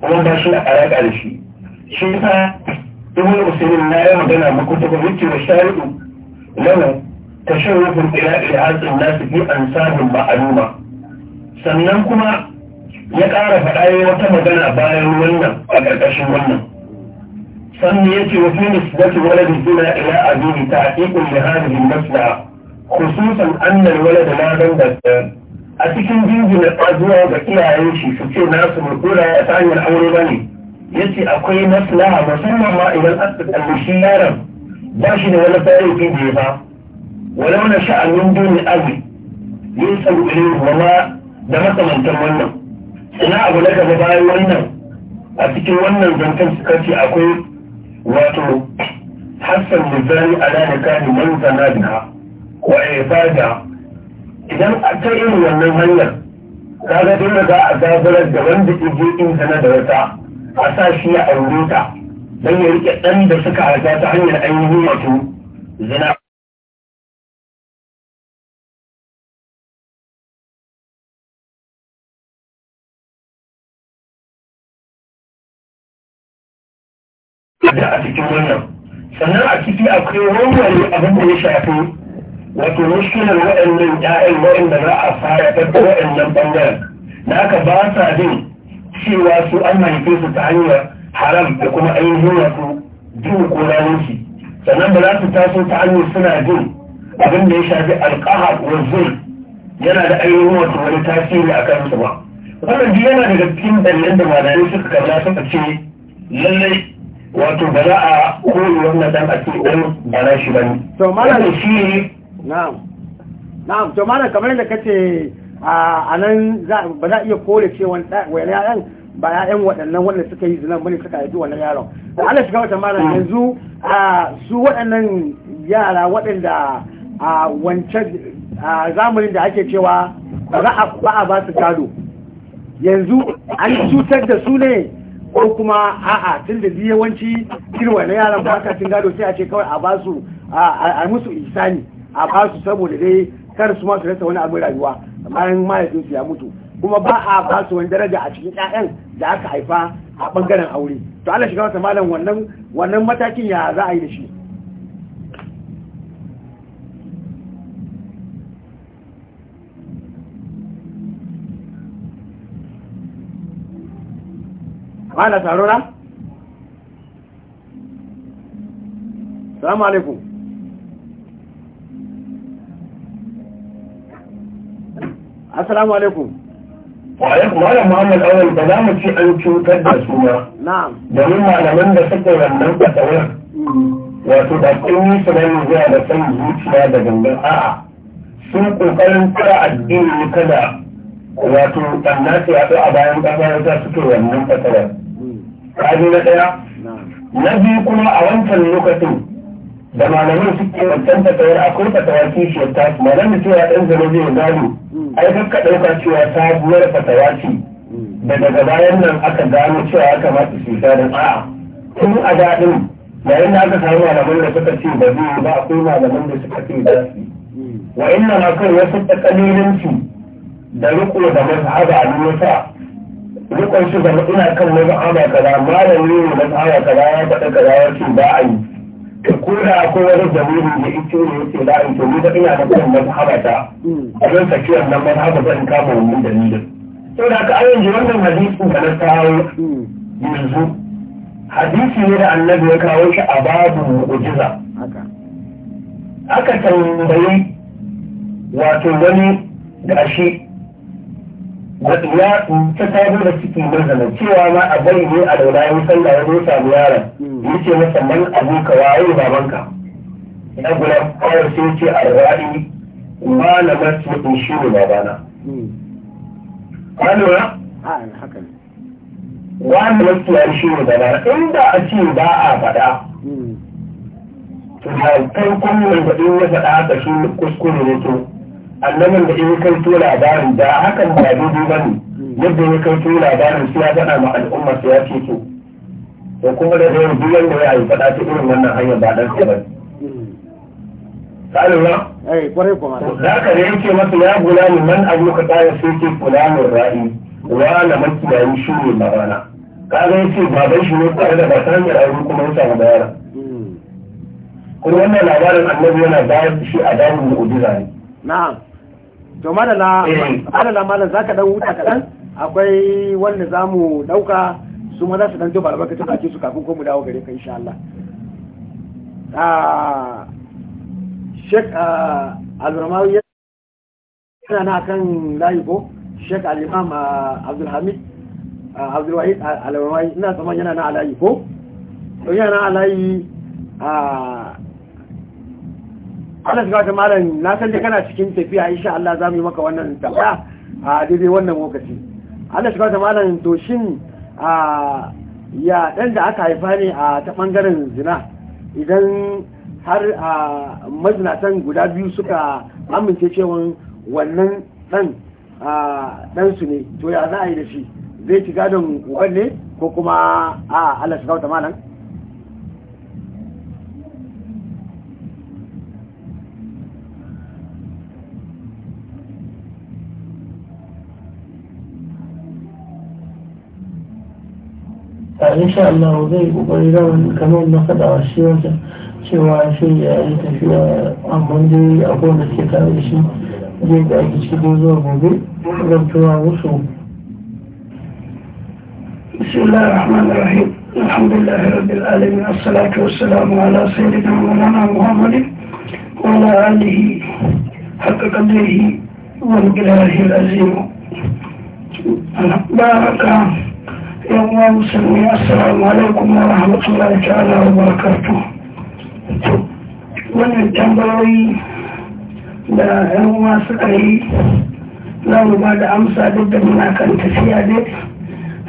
kuma ba shi a alaƙa da shi shi ta ibn usaimin na yi magana muku ta gwamnati da shari'u shan tasharrufin ila ilhaqin nasu fi ansabin ma'aluma sannan kuma ya ƙara faɗa yi wata magana bayan wannan a ƙarƙashin wannan sannan ya ce wasu nisbatu waladin zina ila abini ta haƙiƙun da hadihin masna khususan annal walad na zan da a cikin jinjina ƙwazuwa ga iyayen shi su ce nasu murkura ya ta hanyar aure ba ne ya ce akwai maslaha musamman ma idan an kalli shi yaron ba shi da wani tarihi da ya ba wani wani sha'anin dole azi Ya tsaro irin wama da makamantan wannan ina abu na gaba bayan wannan a cikin wannan zancen suka ce akwai wato hassan da zari a da kani manzana da wa ibada idan a ta irin wannan hanyar kaga dole za a zaburar da wanda ije in sana da wata a sa shi ya aure ta don ya rike ɗan da suka harga ta hanyar ainihin wato zina da a cikin wannan sannan a ciki akwai wani abin da ya shafi wato mushkilar waɗannan 'ya'yan waɗanda za a fara ɗauko waɗannan ɓangaren da aka ba sa jin cewa su an haife su ta hanyar haram da kuma ainihin wasu jin ko sannan ba za su taso ta hanyar suna jin abin da ya shafi alƙaha wa zul yana da ainihin wasu wani tasiri a kan su ba wannan duk yana daga cikin dalilan da malamai suka kalla suka ce lallai wato ba za a koyi wannan dan a ce wani ba na shi ba to malamai shi ne na'am na'am to da kamar da kace a nan ba za a iya kore cewa wani yaran ba yayan waɗannan wanda suka yi zinan bane suka haifi wannan yaron da Allah shiga wata da yanzu su waɗannan yara waɗanda a wancan zamanin da ake cewa ba a ba su gado yanzu an cutar da su ne ko kuma a'a tun da yawanci kirwa na yaran ba ka tun gado sai a ce kawai a ba su a musu isani a ba su saboda dai kar su ma su rasa wani abin rayuwa bayan mahaifin su ya mutu kuma ba a ba su wani daraja a cikin ƴaƴan da aka haifa a bangaren aure to Allah shiga wata malam wannan wannan matakin ya za a yi da shi Mana tarora? Salamu alaikum. assalamu alaikum Malam Muhammad Awal ba za mu ci an cutar da su ba. Domin malaman da suka wannan kasawar mm. wato da kun yi su nan zuwa da san zuciya da gangan a'a sun kokarin tsara addini kada wato ɗanna su yaɗu a bayan ƙasa ta suke wannan kasawar. Mm. Kaji na ɗaya? Na biyu kuma a wancan lokacin da malamin suke wancan fatawar akwai fatawa kishiyar tasu malamin cewa ɗan zama zai gano ai kakka ɗauka cewa sabuwar fatawa ce da daga bayan nan aka gano cewa aka masu cuta da a'a tun a daɗin yayin da aka samu malamin da suka ce ba zai ba akwai malamin da suka ce za su wa inna ma kai wasu tsakalilinsu da riko da mazhaba a duniya rikon shi zama ina kan mazhaba kaza malami ne mazhaba kaza ya faɗa kaza ya ce ba a yi da ko da akwai wani zamiri da ito ne yake da in to ni da ina da kan mazhaba ta a zan saki wannan mazhaba zan kama wannan dalilin saboda haka an yanzu wannan hadisin da na kawo yanzu hadisi ne da annabi ya kawo shi a babu mu'jiza aka tambayi wato wani gashi ya ta tabar da cikin birzana cewa ma a bai ne a daura yin sallah ya zo samu yaron ya ce masa man abuka waye ka. ya guda kawai sai ce a ra'i malamar su in shi ne babana ka lura? wani wasu ya shi ne babana inda a ce ba a faɗa hmm. to da kai kun mai ya faɗa haka shi kuskure ne to annaban da in kai to labarin da hakan ba daidai ba ne yadda ya kai to labarin su ya faɗa ma al'umma su ya ce to to kuma da yau duk yanda ya yi faɗa ta irin wannan hanyar ba dan ba ne kalura eh, da ka ne yake masa ya ne man abu ka tsaya sai ke kulanin ra'i wa na makiyayi shi ne Ka kaga yake baban shi ne tare da ba ta hanyar kuma ya samu bayar. Hmm. kuma wannan labarin annabi yana bayar shi a damun mu'ujiza ne na'am to madala madala malam zaka dan huta kaɗan akwai wanda zamu dauka su ma za su dan duba ta ake su kafin ko mu dawo gare ka insha Allah ah Sheikh ah, Al-Ramawi yana na kan layi ko Sheikh Al-Imam ah, Abdul Hamid ah, Abdul Wahid Al-Ramawi ina zaman yana na alayi ko to yana na alayi ah Allah shiga wata malam na san da kana cikin tafiya insha Allah za mu yi maka wannan tafiya a daidai wannan lokaci Allah shiga wata malam to shin a ya dan da aka haifa ne a ta bangaren zina idan har a mazinatan guda biyu suka amince cewa wannan ɗan dan su ne to ya za a yi da shi zai ci gadon uban ne ko kuma a Allah shiga wata malam شاء الله وذيب وبريلا كمان ما على الشيء وانت شيء وعشي في أمون دي أبونا كاريشي ذيب أي شيء بوزور بوبي ولم توا وصو بسم الله الرحمن الرحيم الحمد لله رب العالمين الصلاة والسلام على سيدنا مولانا محمد وعلى آله حق قدره ومقراره العظيم بارك الله yan musulmi assalamu alaikum wa rahmatullahi ta'ala wa barakatu wannan tambayoyi da yan uwa suka yi za mu ba da amsa duk da muna kan tafiya dai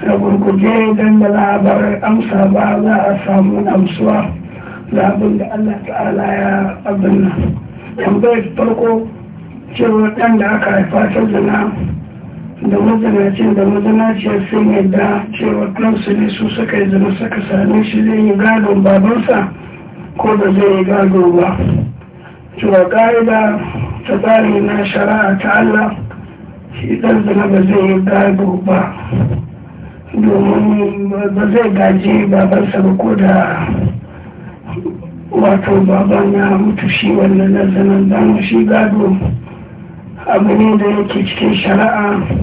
a gurguje don da za a bar amsa ba za a samu amsuwa da abin da Allah ta'ala ya abin nan tambayar farko cewa ɗan da aka haifa ta zina da mazanacin da mazanaciyar sun yadda cewa kansu ne su suka yi zama suka same shi zai yi gadon babansa ko da zai yi gado ba cewa ƙa'ida ta tsari na shara'a ta Allah shi ɗan zama ba zai yi gado ba domin ba zai gaji babansa ba ko da wato baban ya mutu shi wannan zanen don shi gado abu ne da yake cikin shari'a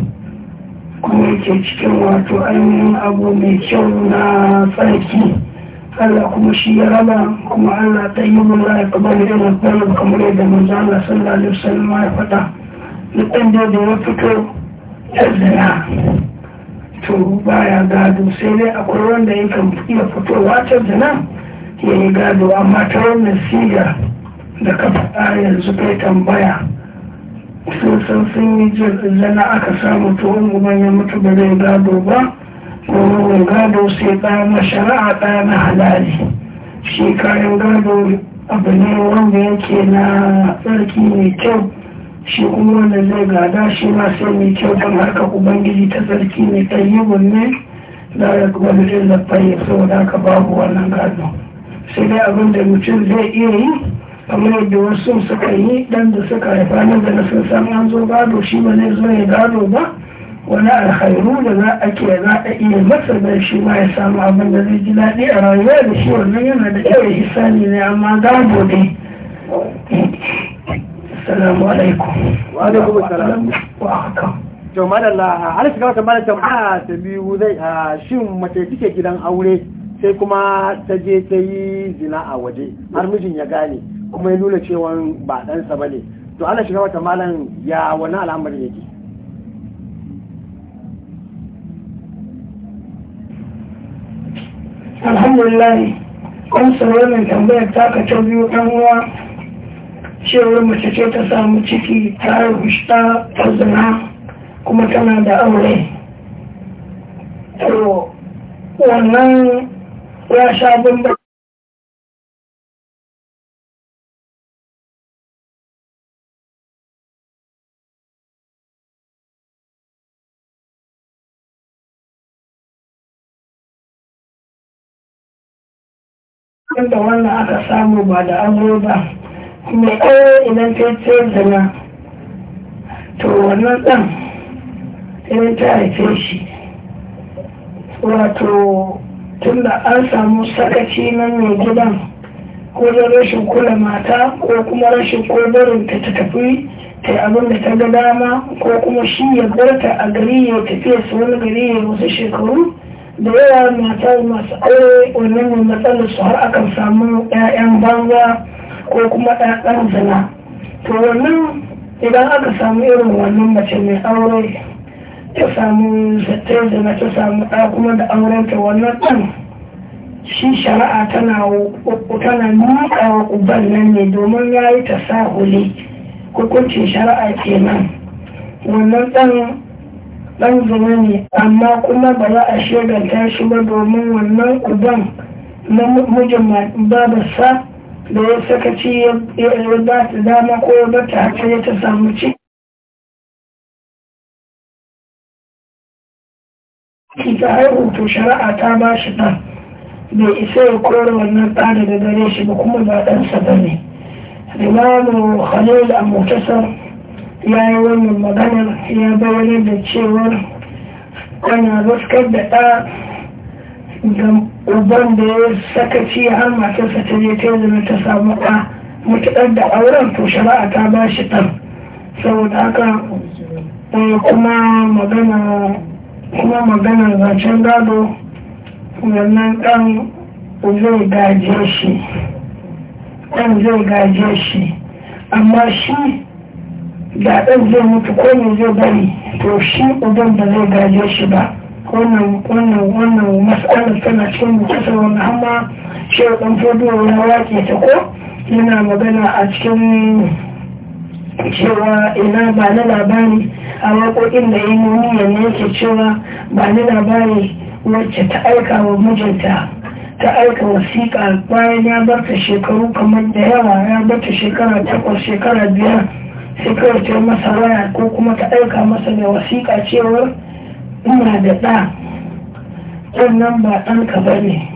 kuma yake cikin wato ainihin abu mai kyau na tsarki Allah kuma shi ya raba kuma Allah ta yi mula ya kaba da irin kwanan kamar yadda manzo Allah sallallahu alaihi wasallam ya faɗa dukkan da da ya fito ya zina to baya gado sai dai akwai wanda ya kan iya fitowa ta zina ya yi gado amma ta wannan siga da ka faɗa yanzu kai tambaya sun sun yi jirgin aka samu tuwon guban ya mutu ba zai gado ba kuma mai gado sai ɗaya na shari'a ɗaya na halali shi kayan gado abu ne wanda yake na tsarki mai kyau shi kuma wanda zai gada shi ma sai mai kyau don harka ubangiji ta tsarki mai ɗayyibun ne da ya kuma da zai saboda haka babu wannan gado sai dai abin da mutum zai iya yi kamar yadda wasu suka yi dan da suka haifa nan da na sun san an zo gado shi ba zai zo ya gado ba wani alkhairu da za a ke za a iya masa da shi ma ya samu abin da zai ji daɗi a rayuwa da shi wannan yana da kyau sani ne amma gado ne assalamu alaikum wa alaikum assalam wa haka to madalla har shi kawai mara jama'a ta biyu zai shin mace take gidan aure sai kuma ta je ta yi zina a waje har mijin ya gane kuma ya nuna cewa ba ɗansa ba ne to ana shiga wata malam ya wani al'amari yake alhamdulillah kun sauran mai tambayar taka ta biyu ɗan uwa cewar mace ce ta samu ciki ta rubuta ta zina kuma tana da aure to wannan ya sha bambam da wannan aka samu ba da amur ba kuma ɗaya idan ta yi ce na to wannan ɗan ya ta haife shi wato tun da an samu sakaci na mai gidan ko da rashin kula mata ko kuma rashin kodarin ta tafi ta abin da ta ga dama ko kuma shi ya barta a gari ya tafiya su wani gari ya wasu shekaru da yawa mata masu aure wannan mai matsalar su har akan samu 'ya'yan banza ko kuma 'ya'yan zina to wannan idan aka samu irin wannan mace mai aure ta samu zattar zina ta samu ɗa kuma da ta wannan ɗan shi shari'a tana tana miƙa wa nan ne domin ya yi ta sahuli hukuncin shari'a kenan wannan ɗan dan zuma ne amma kuma ba za a ta shi ba domin wannan uban na mijin babarsa da ya saka ci ya yi ba ta dama ko ya bata haka ya ta samu ci ta haihu to shari'a ta ba shi ɗan bai isa ya kore wannan ɗa daga gare shi ba kuma ba ɗansa ba ne. Imamu Khalil a Mutasar ya yi wannan maganar ya bayyana da cewar ana ruskar da ɗa ga uban da ya ci har matarsa ta je zama ta samu ɗa matuƙar da auren to shari'a ta ba shi ɗan saboda haka eh, kuma magana kuma magana zancen gado wannan ɗan zai gaje shi ɗan zai gaje shi amma shi da ɗan zai mutu ko ne zai bari to shi uban ba zai gaje shi ba wannan wannan wannan matsalar tana cikin kasar wani hama shi ɗan fodiyo ya wake ta ko yana magana a cikin cewa ina ba na labari a waƙoƙin da ya yi ne yake cewa ba na labari wacce ta aika wa mijinta ta aika wasiƙa bayan ya barta shekaru kamar da yawa ya barta shekara takwas shekara biyar sai kawai ce masa waya ko kuma ta ɗauka masa mai wasiƙa cewar ina da ɗa ɗan nan ba ɗanka ba ne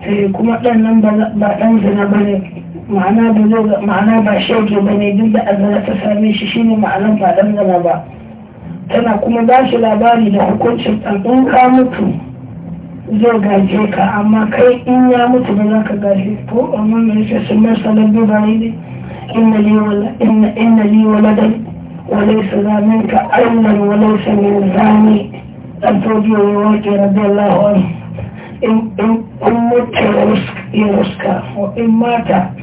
eh, kuma ɗan nan ba ɗan zina ba ne ma'ana ba zo ba shauke ba ne duk da azara ta same shi shine ma'anar ba ɗan zina ba tana kuma ba shi labari da hukuncin ɗan in ka mutu zai gaje ka amma kai in ya mutu ba za ka gaje ko amma mai shi sun masa lambu ba ne inna li waladan walaysa za minka aynan walaysa min zani dan to biyo ne wake rabbi Allah wa in in mutu rusk yuska wa in mata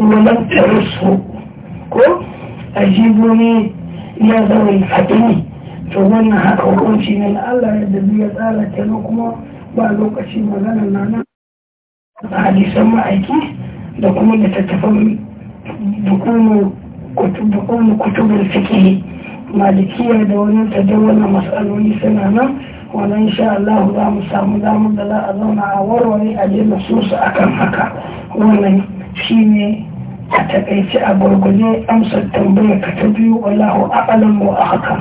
wa lam tarusu ko ajibuni ya zawi fatini to wannan haka hukunci ne na Allah yadda zai tsara ta kuma ba lokaci magana na nan hadisan ma'aiki da kuma da tattafan bukumu kutubar fikihi malikiya da wani tadawar matsaloli suna nan wani insha Allah za mu samu damar da za a zauna a warware a je su su kan haka wannan ne a takaice a gurguje amsar tambaya ka ta biyu a a'lam haka.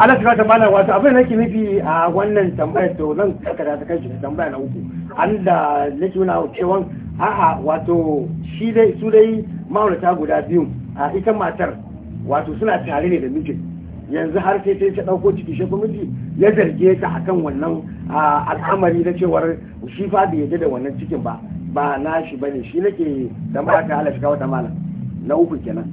Ana shiga ta kata wata abin da nake nufi a wannan tambayar to kakar da ta kai shi tambaya na uku an da nake nuna cewa a'a wato shi dai su dai ma'aurata guda biyu a ita matar wato suna tare ne da mijin yanzu har sai sai ta ɗauko ciki shi miji ya zarge ta akan wannan al'amari na cewar shi fa bai yadda da wannan cikin ba ba na shi bane shi nake da ma'aka Allah shi kawo ta malam na uku kenan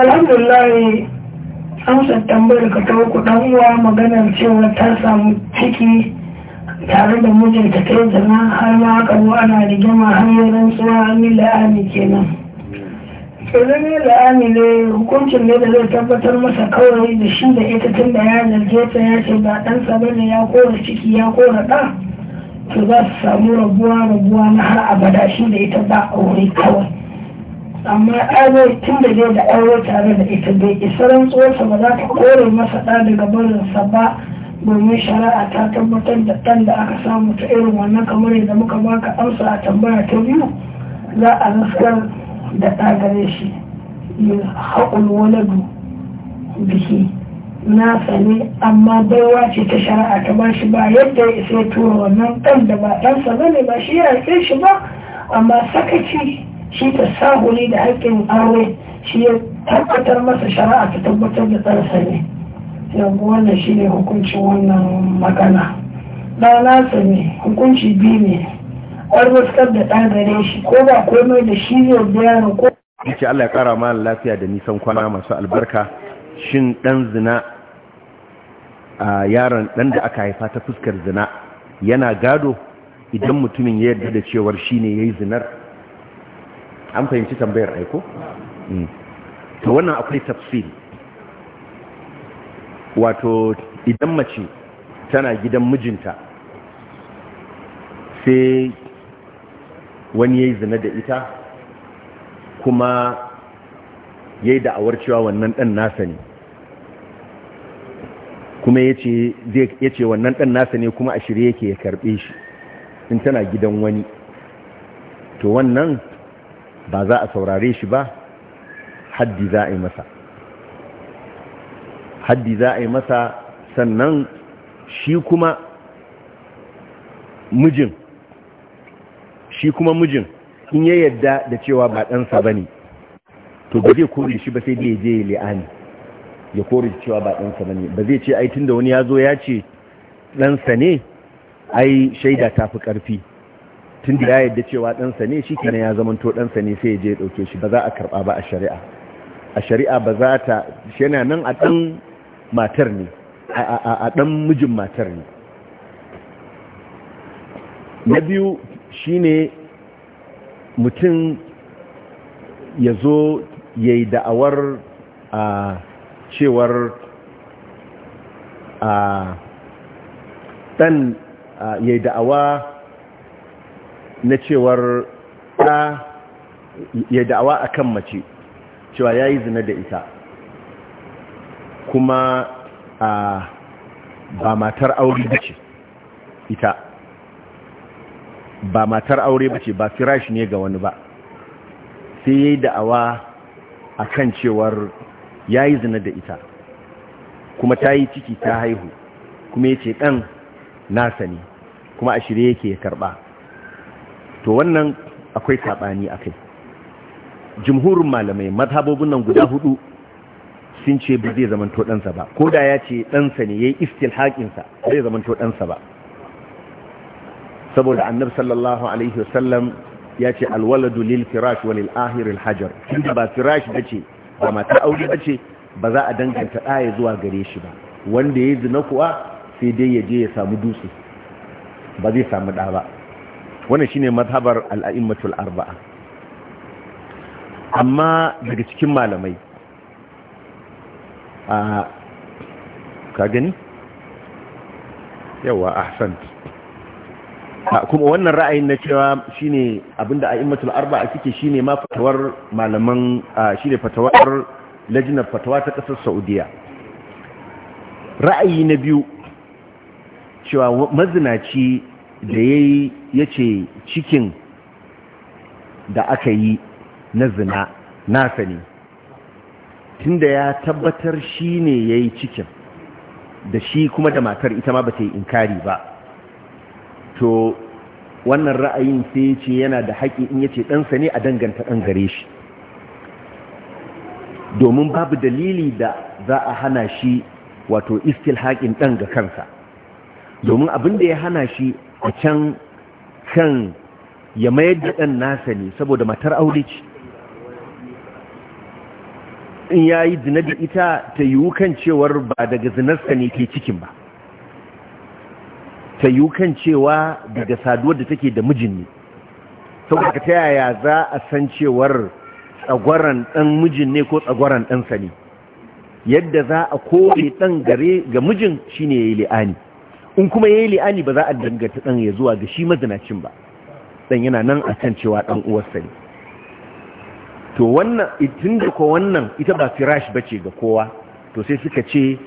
alhamdulillah amsar tambayar ka ta uku uwa maganar cewa ta samu ciki tare da mijinta ta zana har ma aka zo ana rigima har yi rantsuwa an yi la'ani kenan tsoron yi la'ani ne hukuncin ne da zai tabbatar masa kawai da shi da ita tun da ya zarge ta ya ce ba ɗansa ba ne ya kora ciki ya kora ɗa to za su samu rabuwa rabuwa na har abada shi da ita ba aure kawai amma aure tun da zai da aure tare da ita bai isa rantsuwarsa ba za ta kore masa ɗa daga barinsa ba domin shari'a ta tabbatar da ɗan da aka samu ta irin wannan kamar yadda muka baka amsa a tambaya ta biyu za a raskar da ɗa gare shi ya haƙul waladu biki na sani amma baiwa ce ta shari'a ta ba shi ba yadda ya isa ya tura wannan ɗan da ba ɗansa ba ne ba shi ya shi ba amma sakaci shi ta sahuli da haƙƙin aure shi ya tabbatar masa shari'a ta tabbatar da tsarsa ne yanzu wannan shi ne hukuncin wannan magana na nasa ne hukunci biyu ne arwaskar da ɗan gare shi ko ba komai da shi zai biya ko ce Allah ya ƙara mana lafiya da nisan kwana masu albarka shin ɗan zina a yaron ɗan da aka haifa ta fuskar zina yana gado idan mutumin ya yarda da cewar shi ne ya yi zinar an fahimci tambayar aiko mm. to wannan akwai tafsir wato idan mace tana gidan mijinta sai wani ya yi zina da ita kuma ya yi da'awar cewa wannan ɗan nasa ne kuma ya ce wannan ɗan nasa ne kuma a shirye yake ya karɓe shi in tana gidan wani to wannan ba za a saurare shi ba haddi za a yi masa haddi za a yi masa sannan shi kuma mijin shi kuma mijin in ya yadda da cewa ba ɗansa ba ne to ba zai kore shi ba sai da ya je ya li'ani ya kore cewa ba ɗansa ba ne ba zai ce ai tun da wani ya zo ya ce ɗansa ne ai shaida ta fi ƙarfi tun da ya yadda cewa ɗansa ne shi kenan ya zama to ɗansa ne sai ya je ɗauke shi ba za a karɓa ba a shari'a a shari'a ba za ta shi yana nan a ɗan matar ne a ɗan mijin matar ne na biyu shi ne mutum ya zo ya yi da'awar a cewar a ɗan ya yi da'awa na cewar ta ya da'awa a kan mace cewa ya yi zina da ita kuma a ba matar aure ba ce ita ba matar aure ba ce ba firashi ne ga wani ba sai ya yi da'awa a kan cewar ya yi zina da ita kuma ta yi ciki ta haihu kuma ya ce ɗan nasa ne kuma a shirye yake ya karɓa to wannan akwai saɓani a kai jimhurin malamai mazhabobin nan guda hudu sun ce ba zai to ɗansa ba ko da ya ce ɗansa ne ya yi haƙinsa zai to ɗansa ba saboda annabi sallallahu alaihi wasallam ya ce alwaladu lil firash walil ahiril hajar tunda ba firash bace ba mata aure bace ba za a danganta ɗaya zuwa gare shi ba wanda ya yi zina kuwa sai dai ya je ya samu dutse ba zai samu ɗa ba wannan shine mazhabar al'a'immatul arba'a amma daga cikin malamai a ka gani yawa ahsan kuma wannan ra'ayin na cewa shine abinda a'immatul arba'a suke shine ma fatawar malaman shine fatawar lajinar fatawa ta kasar Saudiya ra'ayi na biyu cewa mazinaci da ya yi ya ce cikin da aka yi na zina nasa ne da ya tabbatar shi ne ya yi cikin da shi kuma da matar ita ma ba ta yi inkari ba to wannan ra'ayin sai ya ce yana da haƙi in ya ce ɗansa ne a danganta ɗan gare shi domin babu dalili da za a hana shi wato istil haƙin ɗan ga kansa domin abin da ya hana shi a can kan ya mayar da ɗan nasa ne saboda matar aure ce in ya yi zina da ita ta yi kan cewar ba daga zinarsa ne ke cikin ba ta yi kan cewa daga saduwar da take da mijin ne saboda ta yaya za a san cewar tsagwaran ɗan mijin ne ko tsagwaran ɗansa ne yadda za a kore ɗan gare ga mijin shine ya yi la'ani. in kuma yayi li'ani ba za a dangata dan ya zuwa ga shi mazinacin ba dan yana nan akan cewa ɗan uwarsa ne to wannan tunda ko wannan ita ba firash bace ga kowa to sai suka ce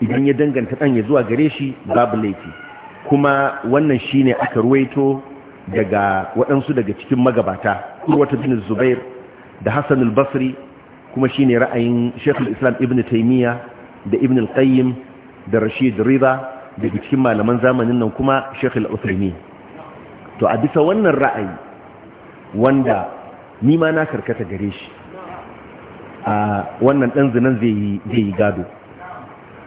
idan ya danganta dan ya zuwa gare shi babu laifi kuma wannan shine aka ruwaito daga waɗansu daga cikin magabata urwata bin zubair da hassan al-basri kuma shine ra'ayin shekul islam ibn taimiyya da ibn al da rashid rida daga cikin malaman zamanin nan kuma Sheikh Al-Uthaymeen to a bisa wannan ra'ayi wanda ni ma na karkata gare shi a wannan dan zinan zai yi gado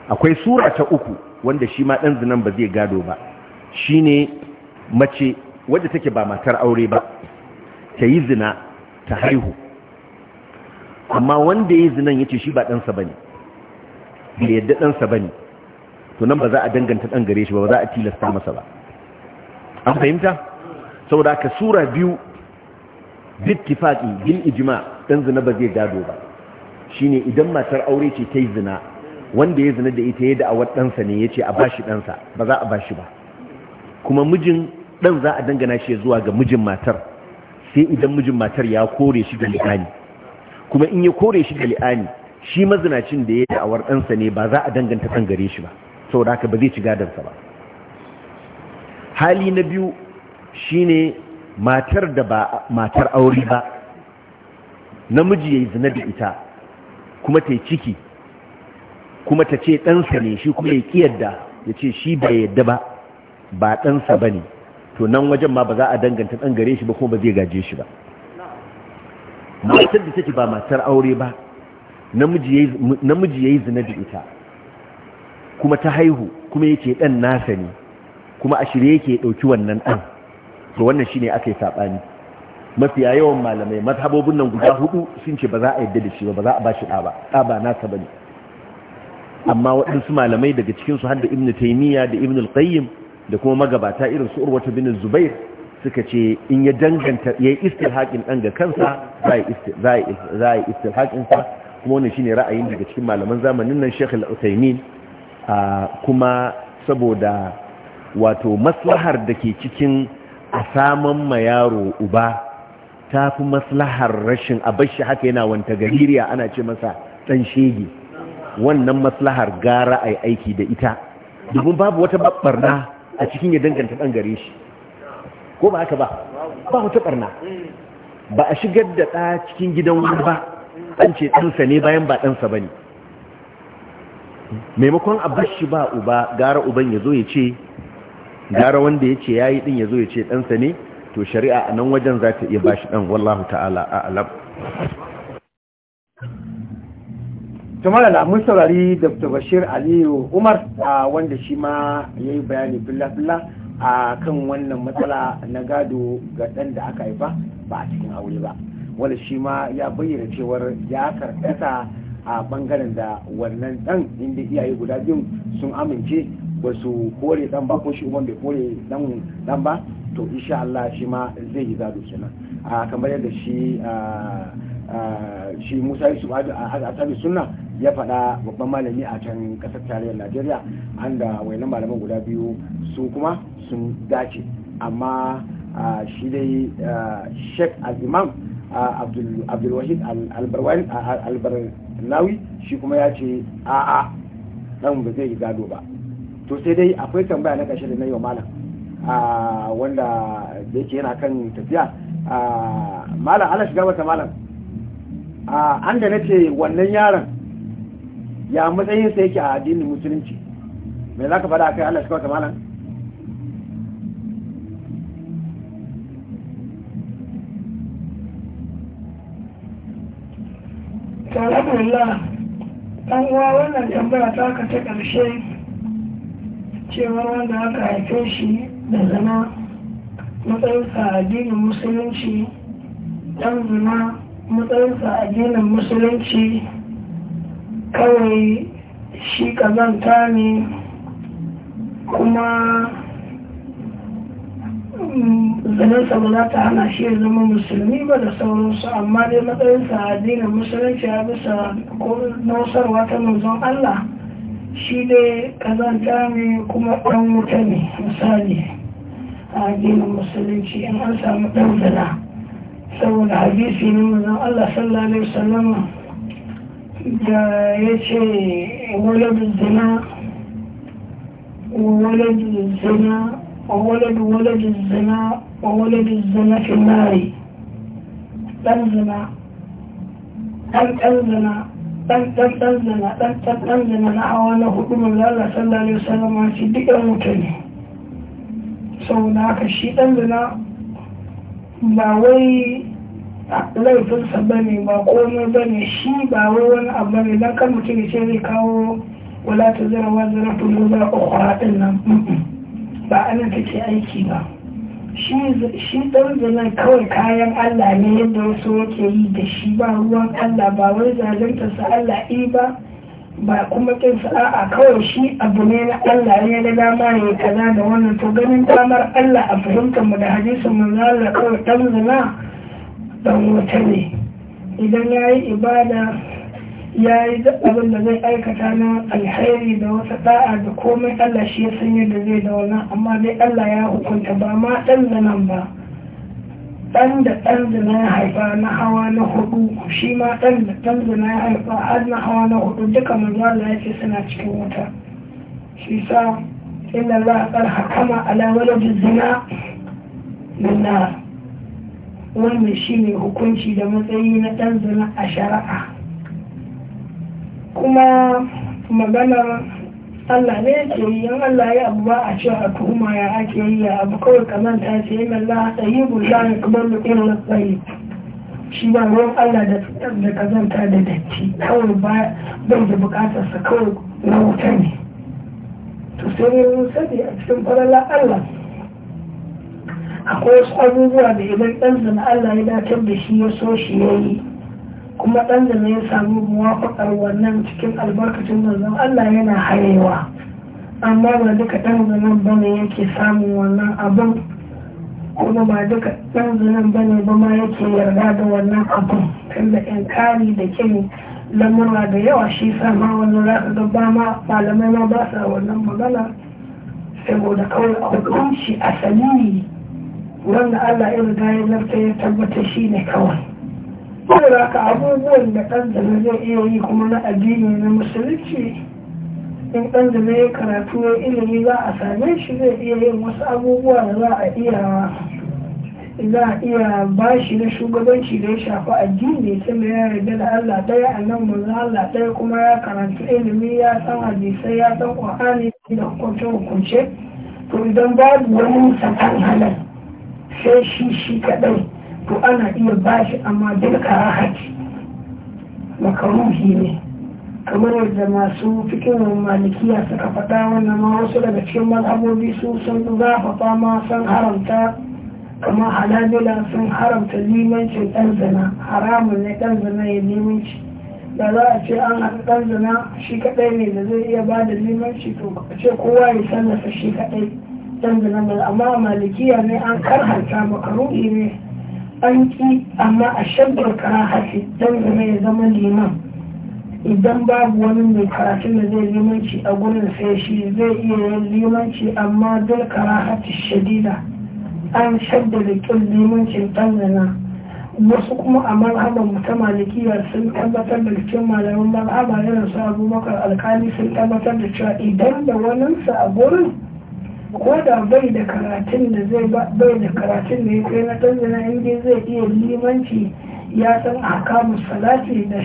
akwai sura ta uku wanda shi ma dan zinan ba zai gado ba shine mace wadda take ba matar aure ba ta yi zina ta haihu amma wanda ya yi zinan ce shi ba ɗansa bane bai yadda ɗansa bane to nan ba za a danganta ɗan gare shi ba ba za a tilasta masa ba an fahimta saboda ka sura biyu bittifaki bil ijma ɗan zina ba zai gado ba shine idan matar aure ce ta zina wanda ya zina da ita ya da awar sa ne ya a bashi ɗansa ba za a bashi ba kuma mijin ɗan za a dangana shi zuwa ga mijin matar sai idan mijin matar ya kore shi da li'ani kuma in ya kore shi da li'ani shi mazinacin da ya da awar ɗansa ne ba za a danganta ɗan gare shi ba da haka ba zai ci gadansa ba hali na biyu shine matar da ba matar aure ba namiji yayi zina da ita kuma ta ciki kuma ta ce ɗansa ne shi kuma ya ƙi yadda ya ce shi ya yadda ba ba ɗansa ba ne to nan wajen ma ba za a danganta ɗan gare shi ba kuma ba zai gaje shi ba matar da take ba matar aure ba namiji ya yi zina da ita kuma ta haihu kuma yake ɗan nasa ne kuma a shirye yake ɗauki wannan ɗan, to wannan shine aka yi sabani mafiya yawan malamai mazhabobin nan guda hudu sun ce ba za a yadda da shi ba ba za a ba shi ba ɗa ba nasa bane amma waɗansu malamai daga cikinsu su har da ibnu taymiya da ibnu al da kuma magabata irin su urwatu bin zubair suka ce in ya danganta ya yi haƙin ɗan ga kansa za a yi istilhaƙinsa kuma wani shi ne ra'ayin daga cikin malaman zamanin nan shekhal usaimin kuma saboda wato maslahar da ke cikin a saman ma yaro uba ta fi maslahar rashin a bashi haka yana wanta gaririya ana ce masa ɗan shege wannan maslahar gara a aiki da ita domin babu wata barna a cikin ya danganta ɗan gare shi ko ba haka ba ba wata barna ba a shigar da ɗa cikin gidan wani ba ɗan ce ɗansa ne bayan ba ɗansa ba ne maimakon a bashi ba uba gara uban ya zo ya ce gara wanda ya ce ya yi ɗin ya zo ya ce ɗansa ne to shari'a a nan wajen za ta iya bashi ɗan wallahu ta'ala a alam tumara da mun saurari dr bashir aliyu umar wanda shi ma ya yi bayani filla-filla a kan wannan matsala na gado ga ɗan da aka haifa ba a cikin aure ba wanda shi ma ya bayyana cewar ya karkata a bangaren da wannan dan inda iyaye guda biyu sun amince ba su kore dan ba ko shi uban bai kore dan ba to insha Allah shi ma zai yi zado kenan a kamar yadda shi shi Musa Yusuf a tabi sunna ya faɗa babban malami a can kasar tarayyar Najeriya an da wayannan malaman guda biyu su kuma sun dace amma shi dai Sheikh Al-Imam Abdul Wahid Al-Barwani nawi shi kuma ya ce a'a dan ba zai yi gado ba to sai dai akwai tambaya na kashe da na yau malam wanda da yake yana kan tafiya malam ala shiga wata malam an da nace wannan yaron ya matsayin sa yake a addinin musulunci me za ka faɗa kai ala shiga wata malam tare da Allah ɗan uwa wannan tambaya ta ka ta ƙarshe cewar wanda aka haife shi da zama matsayinsa addinin musulunci ɗan zama matsayinsa addinin musulunci kawai shi kazanta ne kuma zanen ba za ta hana shi ya zama musulmi ba da sauransu amma dai matsayin a addinin musulunci ya bisa ko nausarwa ta manzon Allah shi dai kazanta ne kuma ɗan wuta ne misali a addinin musulunci in an samu ɗan zana saboda hadisi ne nuzon Allah sallallahu alaihi wasallam da ya ce wani zina wani zina وولد ولد الزنا وولد الزنا في النار zina ɗan ɗan ɗan zina na awa na hudu mai lalata sallallahu alaihi wasallam shi duk wuta ne haka shi ɗan zina ba wai laifinsa ba ne ba komai ba ne shi ba wai wani abu ne don kan mutum ya ce zai kawo wala ta zira wa zira ɗin nan ba ana take aiki ba shi ɗan zanen kawai kayan Allah ne yadda wasu yake yi da shi ba ruwan Allah ba wai zalunta sa Allah ɗi ba ba kuma kin a'a kawai shi abu ne na Allah ne da dama ne kaza da wannan to ganin damar Allah a fahimtar mu da hadisin na Allah kawai ɗan zana ɗan wuta ne idan yi ibada ya yi duk abin da zai aikata na alheri da wata da'a da komai Allah shi ya sanya da zai da wannan amma dai Allah ya hukunta ba ma ɗan zanen ba ɗan da ɗan zana ya haifa na hawa na hudu shi ma ɗan da ɗan zana ya haifa har na hawa na hudu duka manzo ya ce suna cikin wuta shi sa inna Allah qad hakama ala waladi zina min wannan shine hukunci da matsayi na ɗan zana a shari'a kuma magana Allah ne ke yi yan Allah ya abu ba a ce a tuhuma ya ake yi ya abu kawai kamar ta ce yin Allah tsayi bula ya kuma da na tsaye shi ba ruwan Allah da fitar da kazanta da datti kawai ba bai da sa kawai na wuta ne to sai ne mun sani a cikin farala Allah akwai wasu abubuwa da idan ɗansa na Allah ya datar da shi ya so shi ya yi kuma ɗan da ya samu muwafaƙar wannan cikin albarkacin manzon Allah yana hayewa amma ba duka ɗan zanen ba ne yake samun wannan abin kuma ba duka ɗan zanen ba ne ba ma yake yarda da wannan abin da in kari da kin lamura da yawa shi sa ma wannan za ba ma malamai ma ba sa wannan magana saboda kawai a hukunci asali wanda Allah ya riga ya ya tabbata shi ne kawai saboda haka abubuwan da ɗan da zai iya yi kuma na addini na musulunci in ɗan da ya karatu ya ilimi za a same shi zai iya yin wasu abubuwa da za a iya za a iya ba shi na shugabanci da ya shafi addini tun da ya yarda da Allah ɗaya a nan manzo Allah ɗaya kuma ya karanta ilimi ya san hadisai ya san Qur'ani da hukunce hukunce to idan babu wani sakan halal sai shi shi kaɗai to ana iya bashi amma duk karaha ce makaruhi ne kamar yadda masu fikirin malikiya suka faɗa wannan ma wasu daga cikin mazhabobi su sun zafafa ma sun haramta kamar halabila sun haramta limancin ɗan zana haramun ne ɗan zana ya limanci da za a ce an haɗa ɗan zana shi kaɗai ne da zai iya ba da limanci to a ce kowa ya sallasa shi kaɗai ɗan zana amma malikiya ne an karhanta makaruhi ne an ki amma a shabbar karaha ce don zama ya zama liman idan babu wani mai karatun da zai limanci a gurin sai shi zai iya yin limanci amma dal karahati shadida an shaddada kin limancin tanzana wasu kuma a marhaban mu ta malikiya sun tabbatar da cikin malaman marhaba yana su abubakar alkali sun tabbatar da cewa idan da waninsa a gurin ko da bai da karatun da zai bai da karatun da ya kai na tanzana inda zai iya limanci ya san akamu salati da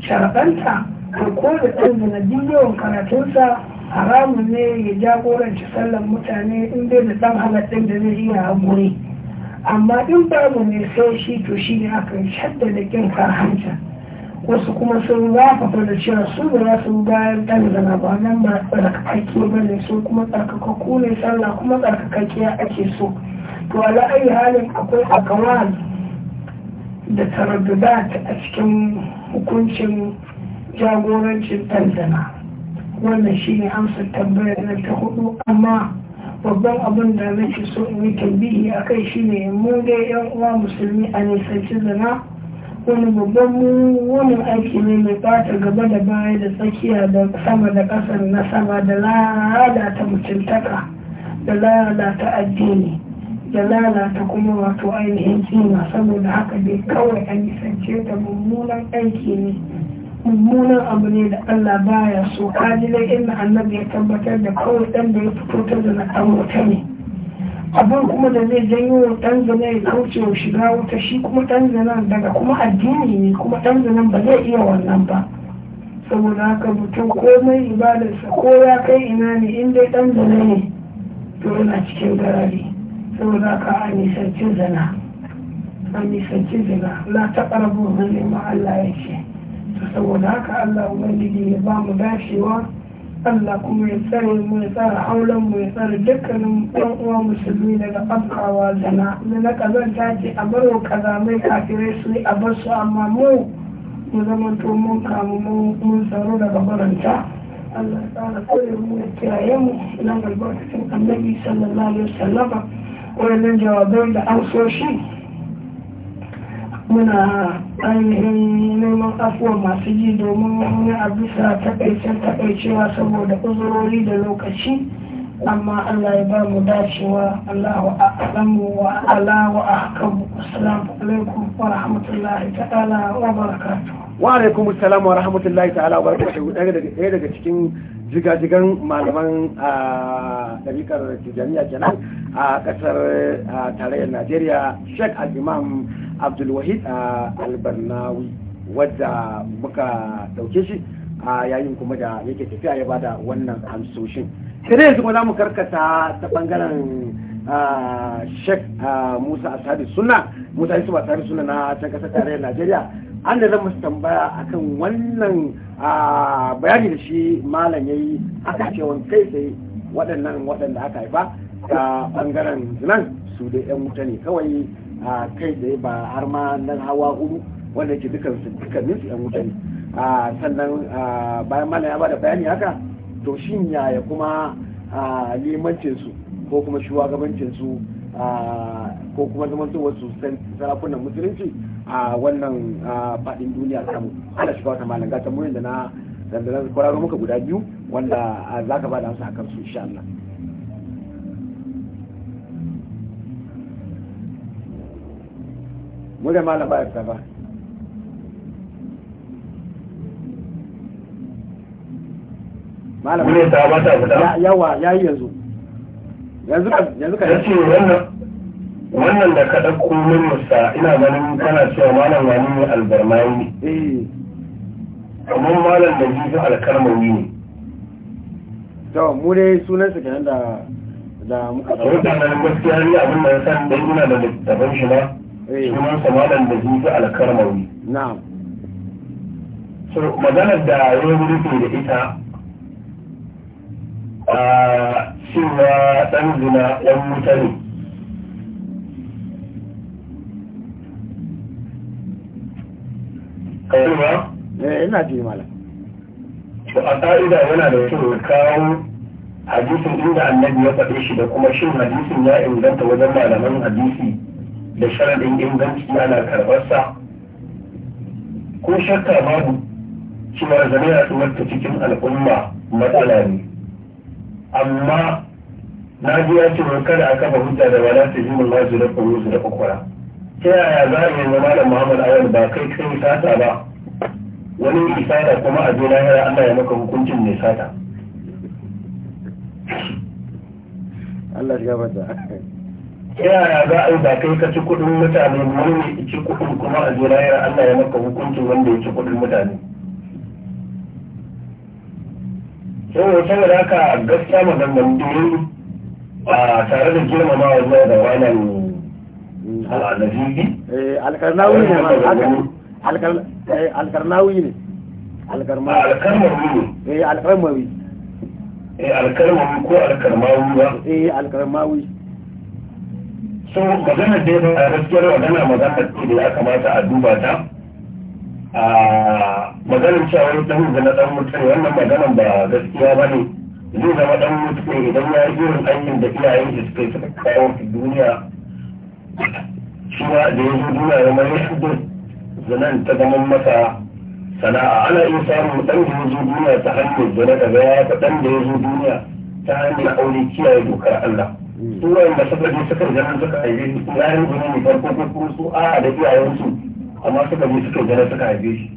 sharaɗanta to ko da tanzana duk yawan karatunsa haramun ne ya jagoranci sallan mutane in dai da ɗan halattun da zai iya haƙuri amma in babu ne sai shi to shi ne aka shaddada ƙin karhanta wasu kuma sun zafafa da cewa su da za su bayar dan zana ba nan ba tsarkakakke ba ne so kuma tsarkakakku ne sallah kuma tsarkakakke ake so to ala ayi halin akwai akamal da taraddudat a cikin hukuncin jagorancin dan zana wannan shi ne amsar tambayar na ta hudu amma babban abin da nake so in yi tambihi a kai shine mun dai yan uwa musulmi a nisanci zana wani babban wani aiki ne mai fata gaba da baya da tsakiya da sama da ƙasar na sama da lalata mutuntaka da lalata addini da lalata kuma wato ainihin kima saboda haka dai kawai an nisance da mummunan aiki ne mummunan abu ne da allah baya so kajilai inda annabi ya tabbatar da kawai ɗan da ya fito ta da na ne abin kuma da zai janyo wa ɗan zane ya kauce wa shiga wuta shi kuma ɗan zanen daga kuma addini ne kuma ɗan zanen ba zai iya wannan ba saboda haka mutum komai ibadarsa ko ya kai ina ne in dai ɗan zane ne to yana cikin garari saboda haka a nisancin zana a nisancin zana la ta ƙarfi zane ma Allah ya ce saboda haka Allah ubangiji ya ba mu dacewa Allah kuma ya tsare mu ya tsare auren mu ya tsare dukkanin ɗan uwa musulmi daga afkawa zana na kazanta ce a baro kazamai kafirai su yi a bar su amma mu mu zama to mun kamu mun tsaro daga baranta Allah ya tsara kore mu ya kiyaye mu nan albarkacin annabi sallallahu alaihi wasallama waɗannan jawabai da amsoshi muna ainihin neman afuwa masu ji domin a bisa takaicen takaicewa saboda uzurori da lokaci amma allah ya ba mu dacewa allahu a'lamu wa ala wa assalamu alaikum wa rahmatullahi ta'ala wa barakatuh wa alaikum salamu wa rahmatullahi ta'ala wa barakatuhu daga daga daga cikin jigajigan malaman a jami'a kenan a kasar tarayyar Najeriya Sheikh Al-Imam Abdul Al-Barnawi wadda muka ɗauke shi a yayin kuma da yake tafiya ya bada wannan amsoshin sai yanzu kuma za mu karkata ta bangaren Sheikh Musa Asadi Sunna Musa Yusuf Asadi Sunna na can kasar tarayyar Najeriya an da zama tambaya akan wannan bayani da shi malam ya yi aka ce wani kai sai waɗannan waɗanda aka haifa ga ɓangaren nan su da yan wuta ne kawai kai da ba har ma nan hawa hudu wanda ke dukan su dukkanin su yan wuta ne sannan bayan malam ya bada bayani haka to shin yaya kuma limancin su ko kuma shugabancin su ko kuma zaman su sarakunan musulunci a wannan faɗin duniya samu ana shi kawata malam gata murin da na dandana kwararo muka guda biyu wanda za ka ba da amsa akan su insha Allah mure malam ba yarda ba malam ne ta ba ta guda yawa yayi yanzu yanzu ka yanzu ka yace wannan wannan da ka ɗauko min musa ina ganin kana cewa malam wani ne albarmai ne eh. kamar malam da jifin alkalmawi ne to mu dai sunan su kenan da da muka ɗauko da nan gaskiya ne abin da ya san dai ina da littafin shi ba eh. sunan sa malam da jifin alkalmawi na'am so maganar da ya da ita a cewa ɗan zina ɗan mutane eh, ina ji to a ƙa'ida yana da kyau kawo hadisin inda annabi ya faɗe shi da kuma shin hadisin ya inganta wajen malaman hadisi da sharaɗin inganci ana karɓarsa ko shakka babu cewa zane ta cikin al'umma matsala ne amma na ji ya ce wa kada a kafa hujja da wala ta jimin ma zura ko zura ko ta yaya za a yi da muhammad awal ba kai kai sata ba wani mai sata kuma a je lahira allah ya maka hukuncin mai sata Allah ya gabata. Ta yaya za a yi ba kai ka ci kuɗin mutane wani mai ci kuɗin kuma a je lahira allah ya maka hukuncin wanda ya ci kuɗin mutane. yau saboda haka gaskiya magangan biyu a tare da girmama wa zuwa da wannan yi. al'adabi eh, alkarnawi ne eh, alkarnawi ne alkarmawi ne eh, alkarmawi alkarmawi ko alkarmawi ba eh alkarmawi so maganar da ya gaskiyar magana magana ce da ya kamata a duba ta a maganin cewa wani ɗan ɗan mutu wannan maganan ba gaskiya ba ne zai zama ɗan mutu ne idan ya yi irin aikin da iyayen shi suka yi suka kawo su duniya shi da ya zo duniya ya mai yadda zanen ta zama masa sana'a ana iya samun ɗan da ya zo duniya ta hanyar zana daga ya fa ɗan da ya zo duniya ta hanyar aure kiyaye dokar Allah. Su da suka je suka zanen suka aiki yayin zama ne farko ko su a da iyayensu amma suka bi suka gana suka haife shi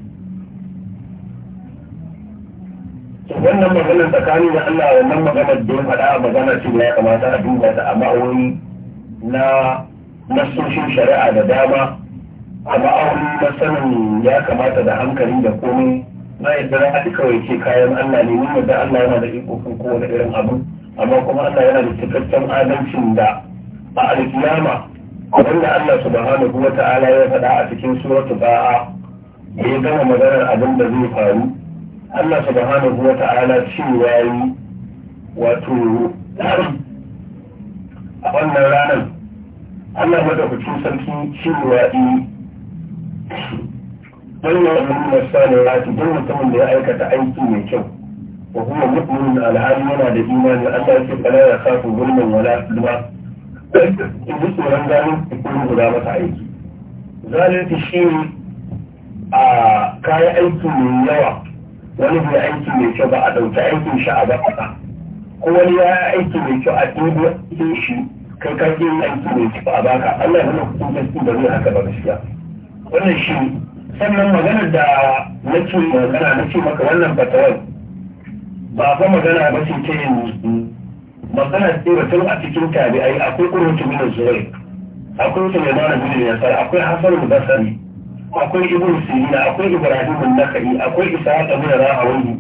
wannan magana tsakanin da Allah wannan magana da ya faɗa magana ce da ya kamata a duba ta a ma'auni na nasoshin shari'a da dama a ma'auni na sanin ya kamata da hankali da komai na yadda haɗi kawai ce kayan Allah ne mun da Allah yana da iko kowane irin abu amma kuma Allah yana da cikakken adalcin da a alkiyama da Allah subhanahu wa ta'ala ya faɗa a cikin suratu ba'a da ya gama maganar abin da zai faru Allah subhanahu wa ta'ala cewa yi wato a wannan ranar Allah madaukakin sarki cewa yi don ya zama masanin rati don mutumin da ya aikata aiki mai kyau wa kuma mutumin alhali yana da imani Allah ya ce kala ya kafa gulmin wala ba don ta ji tsoron ganin ikon guda mata aiki zalunci shi ne a kayan aiki mai yawa wani bai aiki mai kyau ba a ɗauki aikin shi a baka ko wani ya yi aiki mai kyau a ɗebo aikin shi kai ka ke aiki mai kyau a baka Allah ya kuma gaskiya da zai haka ba gaskiya wannan shi sannan maganar da nake magana nake maka wannan fatawar ba fa magana ba ce ta yanzu magana ce ba tun a cikin tabi'ai akwai ƙurutu min zuwai akwai sulaiman bin yasar akwai hasan basari akwai ibn sirina akwai ibrahim bin nakai akwai ishaq bin rahawani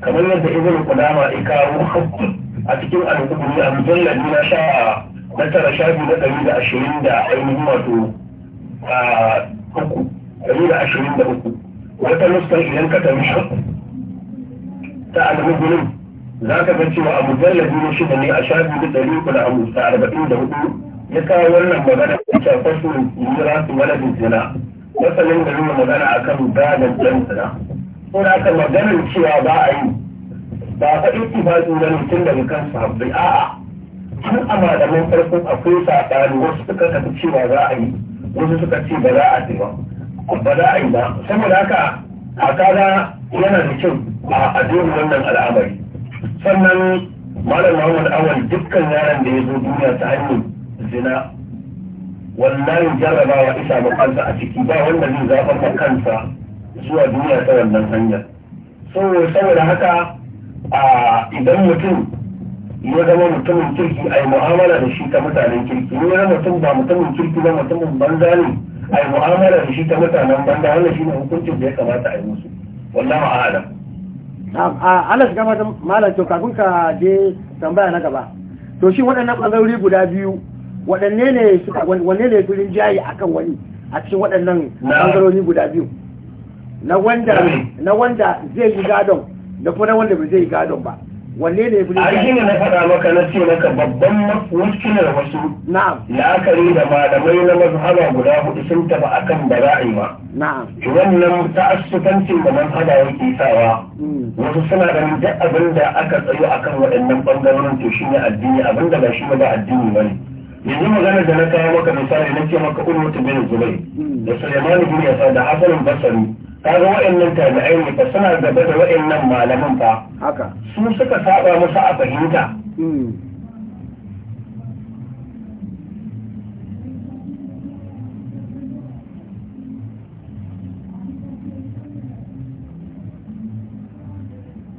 kamar yadda ibn qudama ya kawo a cikin al-qur'ani a mujallad na sha'a na tara shafi biyu na ɗari da ashirin da ainihin wato a uku ɗari da ashirin da uku wata nuskar idan ka tafi ta al-mugunin za ka ga cewa abu tallafi na shida ne a shafi da ɗari uku da abu da arba'in da hudu ya kawo wannan magana a cikin fasu yura su waladin zina masalin da nuna magana a kan gadon ɗan zina ko da aka maganar cewa ba a yi ba a faɗi ɗauki ba su ganin tun daga kan sahabbai a'a tun a malaman farko akwai saɓani wasu suka tafi cewa za a yi wasu suka ce ba za a yi ba ba za a yi ba saboda haka a kaga yana da kyau a adon wannan al'amari sannan malam muhammad awal dukkan yaran da ya zo duniya ta hanyar zina wannan jarrabawa isa ma kansa a ciki ba wanda zai zafar ma kansa zuwa duniya ta wannan hanyar so saboda haka a idan mutum ya zama mutumin kirki a yi mu'amala da shi ta mutanen kirki ne na mutum ba mutumin kirki ba mutumin banza ne a yi mu'amala da shi ta mutanen banza wannan shi ne hukuncin da ya kamata a yi musu wallahu a'lam Allah shiga mata malam to kafin ka je tambaya na gaba to shi waɗannan ɓangarori guda biyu waɗanne ne suka wanne ne firin jayi akan wani a cikin waɗannan ɓangarori guda biyu na wanda zai yi gadon da kuma na wanda bai zai yi gadon ba wanne ne iblis ai ne na faɗa maka na ce maka babban mafiskilar wasu na'am la'akari da malamai na mazhaba guda hudu sun tafi akan ba za a yi ba na'am wannan ta'assufancin da mazhaba yake sawa mm. wasu suna ganin duk abin da aka tsayo akan waɗannan bangarorin to shine addini abin da ba shi ba addini bane yanzu magana da na kawo maka misali na ce maka mm. ulwatu bin zubai da sulaiman bin yasa da hasan basari kaga wa'annan jami'ai ne ba suna gaba da wa'annan malaman fa haka su suka saba musu a fahimta hmm.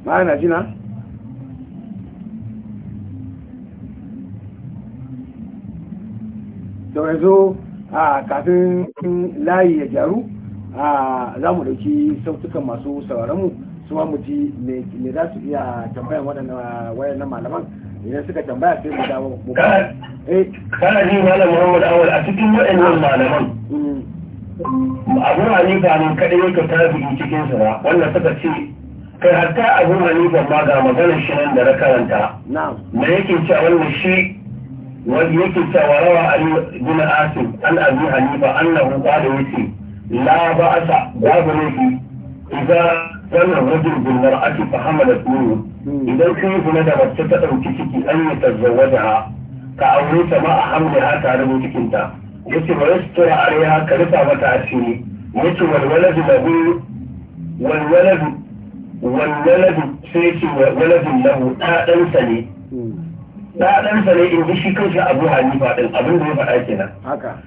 ma'ana jina to yanzu a kafin layi ya jaru za mu dauki sautukan masu sauraron mu su ma mu ji me za su iya tambayan waɗannan wayar na malaman idan suka tambaya sai mu dawo mu ba eh kana ji malam Muhammad Awal a cikin waɗannan malaman mm. Abu Hanifa ne kadai yake tafi cikin sa wanda suka ce kai hatta Abu Hanifa ma ga maganar shi nan da na karanta na'am me yake a wannan shi wanda yake cewa rawa Ali bin Asim an Abi Hanifa annahu qala yake لا بأس باب ليكي إذا كان الرجل بالمرأة فحملت منه إذا كيف ندبت ستأو كتكي أن يتزوجها كأوليت ما أحملها تعلم كتنتا يتم يستر عليها كرفة متعسيني يتم والولد له والولد والولد سيتي والولد له أنسني da ɗansa ne in ji shi kanshi abu hali ɗin abin da ya faɗa kenan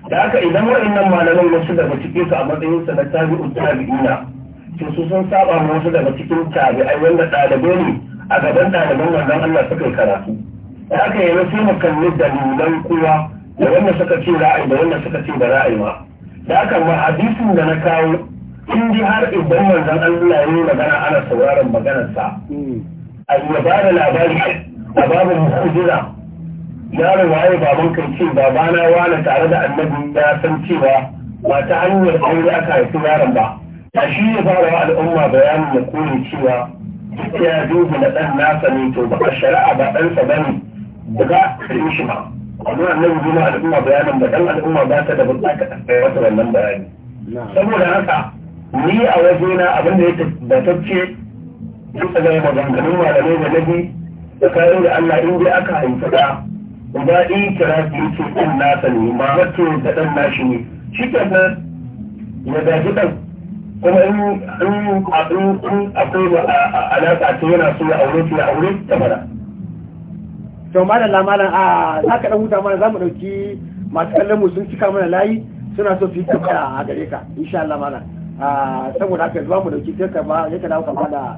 da haka idan waɗannan malaman wasu daga cikin su a matsayin sa na tabi'u tabi'ina to su sun saba ma wasu daga cikin tabi'ai wanda ɗalibai ne a gaban ɗaliban wannan Allah suka yi karatu da haka yanzu sai mu kalli dalilan kowa da wanda suka ce ra'ayi da wanda suka ce ba ra'ayi ba da haka ma hadisin da na kawo in ji har idan manzon Allah ya yi magana ana sauraron maganarsa hmm. a yi ba da labari a babu mu'jiza yaron waye baban kai ce babana wani tare da annabi ya san cewa ba ta hanyar aure aka haifi yaron ba a shi ya fara wa al'umma bayanin ya kore cewa duk ya dubu na ɗan nasa ne to ba a shari'a ba ɗansa ba ne ba za a karɓi shi ba amma annabi zuma al'umma bayanin ba ɗan al'umma ba ta da buƙatar a wata wannan bayani saboda haka ni a wajena abin da ya tabbatacce duk da maganganun malamai da nabi da da Allah in dai aka haifa da ba in kira da yake ɗan nasa ne ba wato da ɗan nashi ne shi kenan ya gaji ɗan kuma in in akwai ba alaƙa ta yana so ya aure ta ya aure ta mana. to da lamalan, a za ka ɗan huta mana za mu ɗauki masu kallon mu sun cika mana layi suna so su yi a gare ka insha Allah malam saboda haka zuwa mu ɗauki sai ka ba ya ka dawo ba da.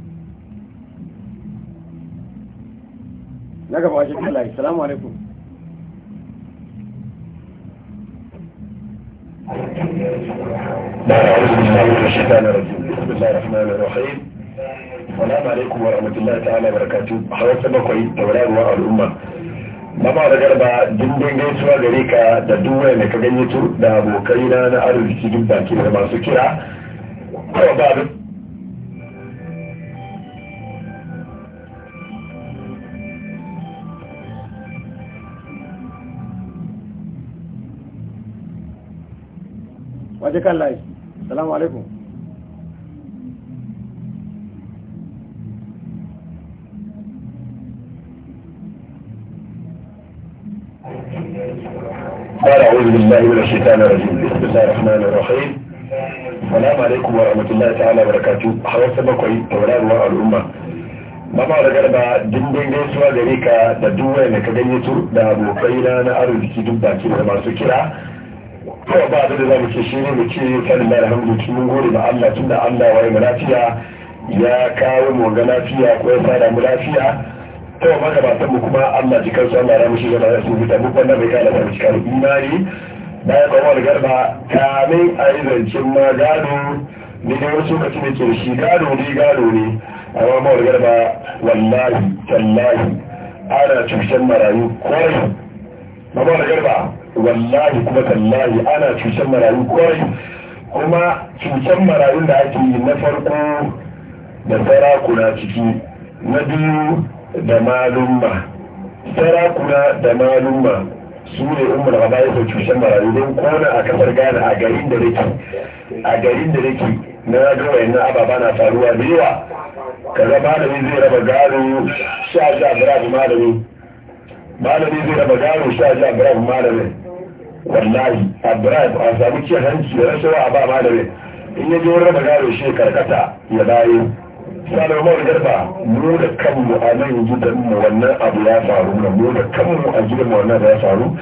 na gaba wajen kalaye salamu alaikum Salamu alaikum ta'ala barakatu tauraruwa al'umma mama da garba dindin gaisuwa gare ka da duwai ka ganye da abokai na na arziki duk baki da masu kira ba waje kan layi salamu alaikum قال أعوذ بالله من الشيطان الرجيم بسم الله الرحمن الرحيم السلام عليكم ورحمة الله تعالى وبركاته حوال سبقوا تولاد الأمة mama garba dindin gaisuwa gare ka da duk da ka ganye su da abokai na na arziki duk baki da masu kira kawai ba da za mu ke shi ne mu ce kan da alhamdu mun gode da Allah tun da Allah waye mu lafiya ya kawo mu ga lafiya ko ya fara mu lafiya kawai magabatan mu kuma Allah jikan su Allah ya mu shiga da su fita mu kwanda bai kala da cikar imani bayan kuma da garba kamin a yi zancen ma gado ne da wasu kaci da ke shi gado ne gado ne amma ma da garba wallahi tallahi ana cikin marayu kwarai ma da garba wallahi kuma tallahi ana cutar marayu kwarai kuma cutar marayu da ake yi na farko da sarakuna ciki na biyu da malumma sarakuna da malumma su ne umar ba ya sau cutar marayu don kona a kasar ghana a garin da nake a garin da nake na gawai na ababa na faruwa da yawa kaza malami zai raba gano sha ja malami malami zai raba gano sha ja malami wallahi abdullahi a samu cin hanci da rashawa a ba malami in ya je raba da gado shi karkata ya bayo sanar mawar garba mu da kanmu a nan mu wannan abu ya faru na mu da kanmu a mu wannan ya faru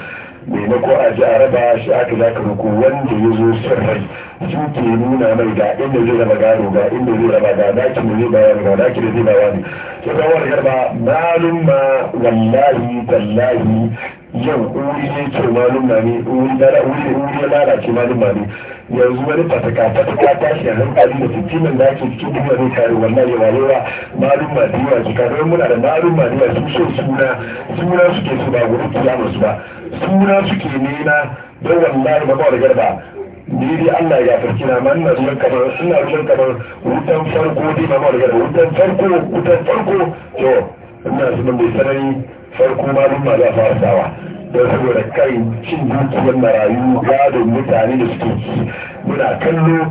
maimako a ji a raba shi aka za ka ruku wanda ya zo sun rai su ke nuna mai ga inda zai raba gado ga inda zai raba ga daki da zai bawa ga daki da zai bawa ne sai ga wani garba malum ma wallahi tallahi yau wuri ke malin mani wuri dara wuri wuri ya lalace malin mani yanzu wani fataka fataka ta shi a hankali da fitinan da ake cikin duk wani kare wannan yawa yawa malin mani yawa su kare muna da malin mani yawa su so suna suna suke su ba wuri kiyama su ba suna suke nema don wallahi ba ba da garba ni Allah ya farki na man na ruwan kamar suna ruwan kamar wutan farko dai ba ba da garba wutan farko wutan farko to ina sunan bai sarari farko ma duk ma za fara sawa don saboda kai cin dukiyar marayu gadon mutane da suke ci muna kallo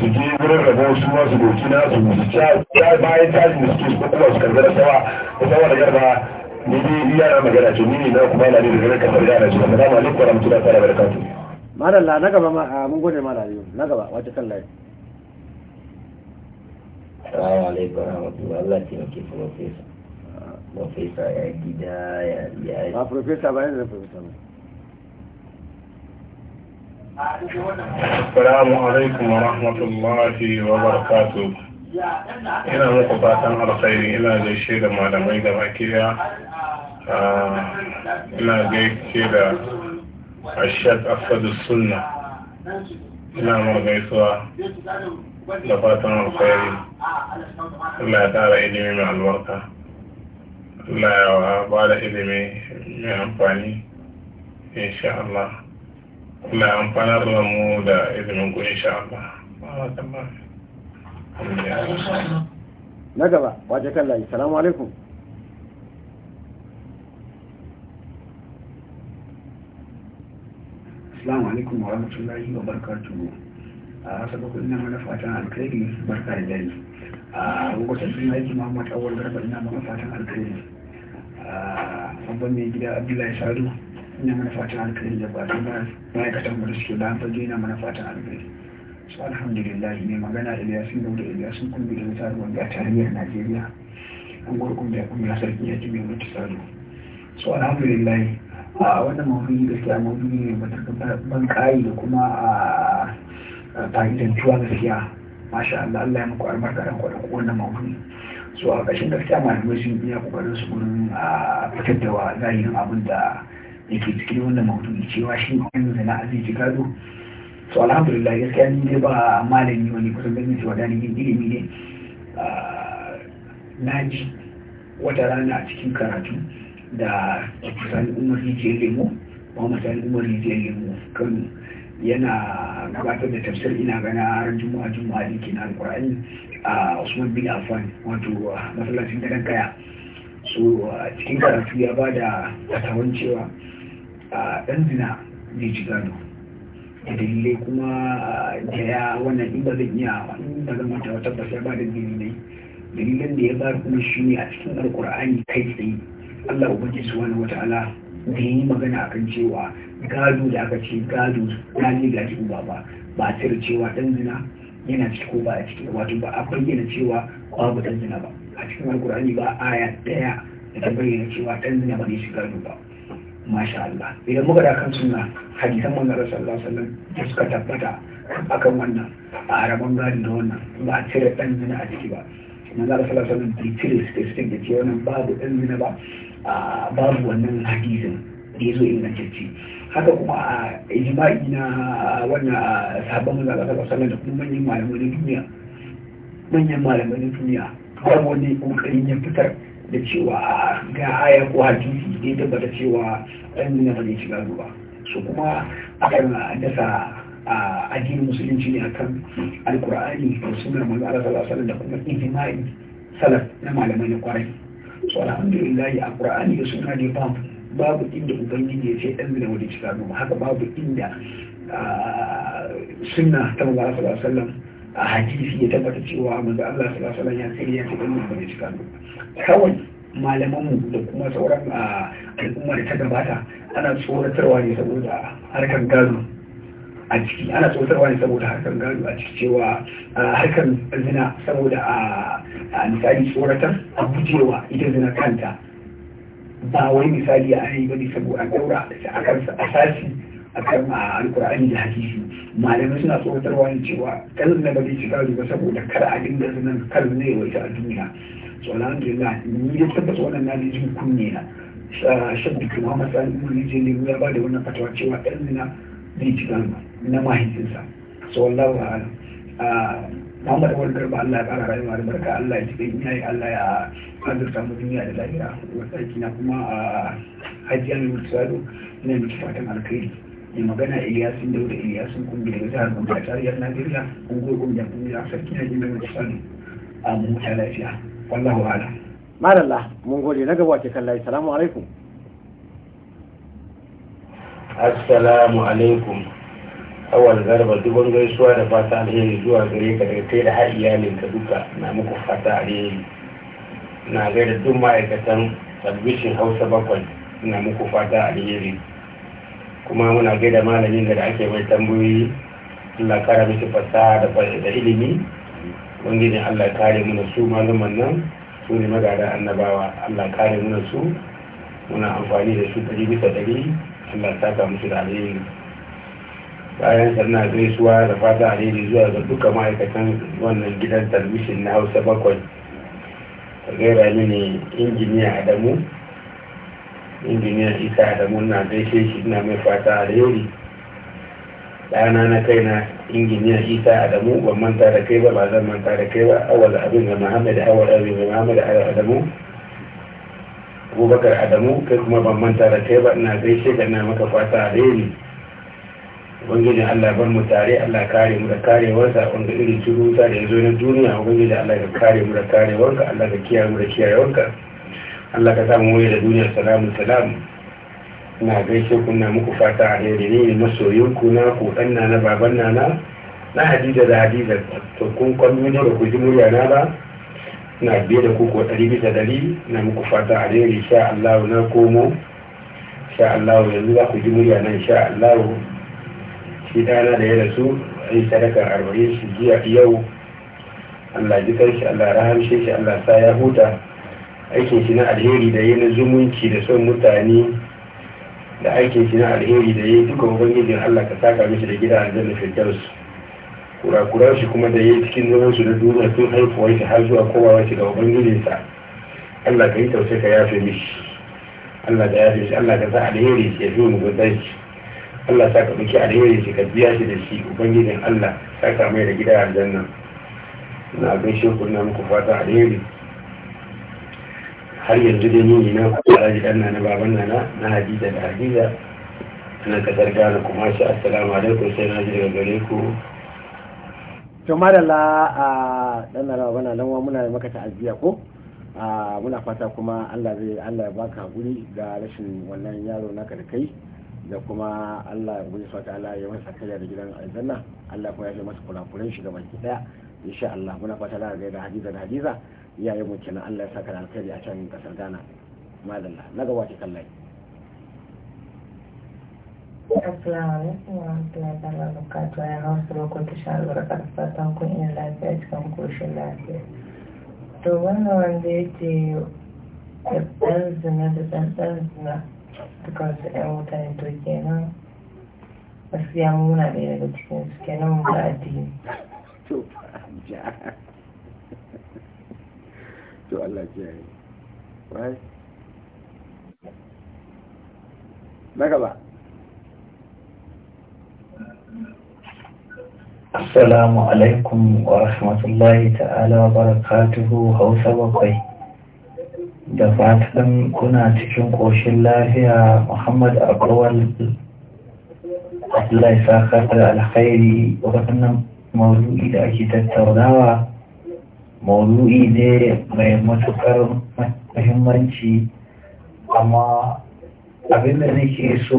su je wurin rabo su ma su doki na su ya bayan tashi da suke su kuma su karbi sawa da sawa da garba ni dai iya na magana ce ni ne na kuma na ne da garin kasar yana ce da sama alaikum warahmatullahi ta'ala barakatuh madalla na gaba ma ah, mun gode yau na gaba wace kan layi Assalamu alaikum warahmatullahi Allah ya taimake ku profesa ya gida ya iyali a profesa ba yanzu profesa ba Assalamu alaikum wa rahmatullahi wa barakatuh. Ina muku fatan alkhairi ina gaishe da malamai da makiya. Ina gaishe da Ashad Asadu Sunna. Ina mu gaisuwa da fatan alkhairi. Allah ya ƙara ilimi mai albarka. Allah ya ba ilimi mai amfani insha Allah Allah ya amfanar da mu da ilimin ku insha Allah na gaba wajen kan layi salamu alaikum Assalamu alaikum wa rahmatullahi wa barakatu. A hasa bakwai ina mana fatan alkhairi barka da dare. A lokacin sun aiki Muhammad Awal Garba ina mana fatan alkhairi. babban ah, mai gida abdullahi sadu ina mana fatan alkhairi da ba ma'aikatan mu da suke da hanfage ina mana fatan alkhairi su alhamdulillah ne magana iliyasun dauda iliyasun kumbi da nasarar wanda a tarayyar najeriya an gurkun da kuma sarki ya mai mutu sadu su alhamdulillah a wannan mawuri gaskiya mawuri ne ban kayi da kuma a fa'idantuwa gaskiya masha Allah Allah ya muku albarka dan kwaɗa wannan mawuri so a ƙashin gaskiya malamai sun iya ƙoƙarin su wurin a fitar da wa zahirin abin da yake cikin wannan maudu'i cewa shi ne wani zana a zai gado so alhamdulillah gaskiya ni dai ba malami wani kusan ganin cewa da ni ilimi ne na ji wata rana a cikin karatu da kusan umar rijiyar lemo muhammad sani umar rijiyar lemo kano yana gabatar da tafsir ina gana ran juma'a juma'a da ke na alƙur'ani a Usman bin afan wato masallacin gadan kaya so cikin karatu ya ba da tattawan cewa dan zina zai ci gado da dalilai kuma da ya wannan in zan iya in ba zan mata tabbas ya ba da dalilai dalilan da ya ba kuma shi ne a cikin alkur'ani kai tsaye Allah ubangiji subhanahu wataala da yi magana akan cewa gado da aka ce gado ya ne gaji uba ba ba tare cewa dan zina yana ciki ko ba a ciki wato ba a bayyana cewa babu dan zina ba a cikin alkur'ani ba aya daya da ta bayyana cewa dan zina ba ne shi gado ba masha Allah idan muka da kan suna hadisan manzon Allah sallallahu da suka tabbata kan wannan a araban gadi da wannan ba a cire dan zina a ciki ba manzon Allah sallallahu alaihi wasallam bai cire suke da cewa wannan babu dan zina ba babu wannan hadisin da ya zo ingantacce haka kuma a ijma'i na wannan sabon zaɓa sallar da kuma manyan malamai na duniya manyan malamai na duniya kawai wani ƙoƙarin ya fitar da cewa ga aya ko hadisi da ya tabbata cewa ɗan nuna ba zai shiga ruwa so kuma akan dasa a addinin musulunci ne akan alkur'ani da sunan manzo Allah sallallahu alaihi da kuma ijma'i salaf na malamai na kwarai so alhamdulillah alkur'ani da sunna ne ba babu inda ubangiji ya ce ɗan zina wani cika noma haka babu inda suna ta maza a alaihi a hadisi ya tabbata cewa maza Allah sallallahu alaihi wasallam ya tsiri ya ce ɗan zina wani cika noma kawai malamanmu da kuma sauran al'umma da ta gabata ana tsoratarwa ne saboda harkar gado a ciki ana tsoratarwa ne saboda harkar gado a ciki cewa harkar zina saboda a misali tsoratar a gujewa ita zina kanta ba wai misali a yi bane saboda daura a kan asasi a kan alkur'ani da hadisi malamai suna tsoratarwa ne cewa kalin na ba zai ba saboda kar a dinga zinan kar ne yawaita a duniya so alhamdulillah ni da tabbata wannan na jin kunne na duk kuma matsayin mulki jeli ya ba da wannan fatawa cewa ɗan zina zai shiga na mahaifinsa so wallahu Muhammad wani Garba Allah ya kara rayuwa da barka Allah ya cikin iyaye Allah ya azurta mu duniya da lahira wasaki na kuma a Hajji Aminu sadu ina miki fatan alkhairi mai magana Iliyasun Dauda Iliyasun kumbi daga jihar Gombe da tarayyar Najeriya unguwar Gombe kuma sarki na jimai mai sani a mu ta lafiya wallahu ala madalla mun gode na gaba ke kallai salamu alaikum assalamu alaikum awal garba dubban gaisuwa da fata alheri zuwa gare ka ta kai da har iyalin ka duka na muku fata alheri na gaida duk ma'aikatan talbishin hausa bakwai na muku fata alheri kuma muna gaida malamin da ake mai tambayoyi Allah kara miki fasaha da ilimi ubangiji Allah kare muna su malaman nan su ne magada annabawa Allah kare muna su muna amfani da su ɗari bisa ɗari Allah saka musu da alheri bayan sannan gaisuwa da fata alheri zuwa ga duka ma'aikatan wannan gidan talbishin na hausa bakwai ta gaira mini injiniya adamu injiniyar isa adamu na gaishe shi na mai fata alheri ɗana na kaina injiniya isa adamu ban manta da kai ba ba zan manta da kai ba awal abin ga muhammad awal abin ga muhammad adamu abubakar adamu kai kuma ban manta da kai ba ina gaishe ga na maka fata alheri ubangiji Allah bar mu tare Allah kare mu da karewarsa wanda irin ciruta da yanzu na duniya ubangiji Allah ka kare mu da karewarka Allah ka kiyaye mu da kiyayewarka Allah ka samu waye da duniya salamu salamu na gaishe ku na muku fata a ne ne masoyin ku na ku dan na baban na na na Hadiza da Hadiza to kun kwallo ne da ku ji murya na ba na biye da ku ko ɗari bisa ɗari na muku fata a ne sha Allah na komo sha Allah yanzu za ku ji murya nan sha Allah shi dana da ya rasu an yi sadaka arba'in su jiya yau allah ji shi allah rahamshe shi allah sa ya huta aikin shi na alheri da ya na zumunci da son mutane da aikin shi na alheri da ya duka ubangijin allah ka saka mishi da gida aljanna firdaus kurakuran shi kuma da ya cikin zaman su da duniya tun haifuwar shi har zuwa kowa shi ga ubangijinsa allah ka yi tausayi ka yafe mishi allah ka yafe shi allah ka sa alheri ya fi mu gudanci Allah sa ka ɗauki alheri shi ka biya shi da shi ubangijin Allah sa ka mai da gida aljanna na gaishe shi na muku fata alheri har yanzu da ni na alhaji dan na baban Nana, na hadiza da hadiza na kasar Ghana kuma shi assalamu alaikum sai na ji daga gare ku to madalla a dan na bana nan wa muna maka ta'aziyya ko muna fata kuma Allah zai Allah ya baka guri ga rashin wannan yaro naka da kai da kuma Allah ya gudu sauta Allah ya masa kaja da gidan aljanna Allah kuma ya yi masa kulakulan shi gaban ki daya insha Allah muna fata da ga hadiza da hadiza iyayen mu kenan Allah ya saka da alkhairi a can kasar Ghana madalla na gaba ki kallai Assalamu alaikum wa rahmatullahi wa barakatuh ya hausa lokacin ta albarka da ta kun iya lafiya cikin koshin lafiya. To wannan wanda yake ɗan zina da ɗan ɗan zina dukansu 'yan mutanen turkiya nan gaskiya muna ɗaya daga cikin su kenan mu ga addini to alaikum wa rahmatullahi ta'ala wa barakatuhu Hausa bakwai. da fatan kuna cikin ƙoshin lafiya muhammad akwai Allah ya saka da alkhairi wannan maudu'i da ake tattaunawa maudu'i ne mai matukar muhimmanci amma abinda nake so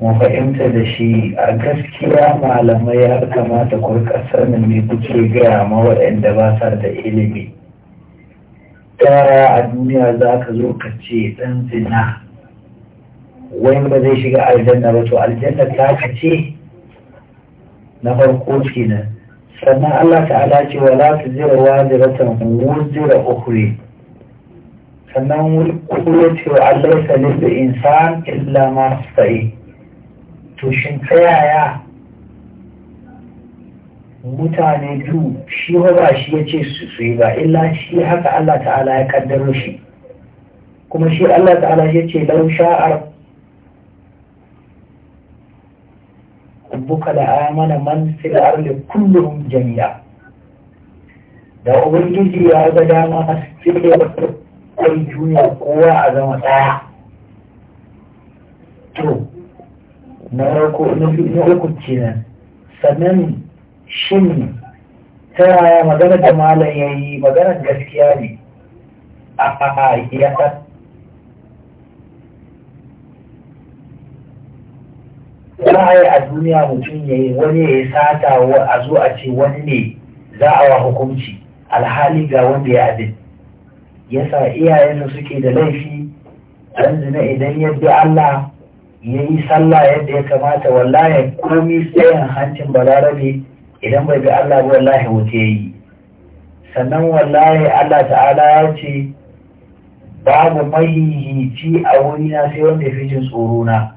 mu fahimta da shi a gaskiya malamai ya kamata kurka sanin kuke gaya ma waɗanda ba sa da ilimi tara a duniya za ka zo ka ce ɗan zina wani ba zai shiga aljanna ba to aljanna ta ka ce na farko kenan sannan Allah ta'ala ce wa la tuzira waziratan wuzira ukhri sannan kuma ce wa Allah sanin da insan illa ma sa'i to shin ta yaya mutane biyu shi ba shi ya ce su yi ba illa shi haka Allah ta'ala ya kaddaro shi kuma shi Allah ta'ala ya ce lau sha'ar Buka da amana man fil ardi kulluhum jami'a da ubangiji ya ga dama a da kai duniya kowa a zama daya to na na uku kenan sannan shin ta yaya maganar da malam ya yi maganar gaskiya ne a ya Za a yi a duniya mutum ya yi wani ya yi sata a zo a ce wani ne za a wa hukunci alhali ga wanda ya abin iyayen da suke da laifi An zina idan yadda Allah ya yi sallah yadda ya kamata wallahi komi tsayin hancin balarabe idan bai ga Allah ba wallahi wuce yi sannan wallahi Allah ta'ala ya ce babu mahihici a wuri na sai wanda ya fi jin tsoro na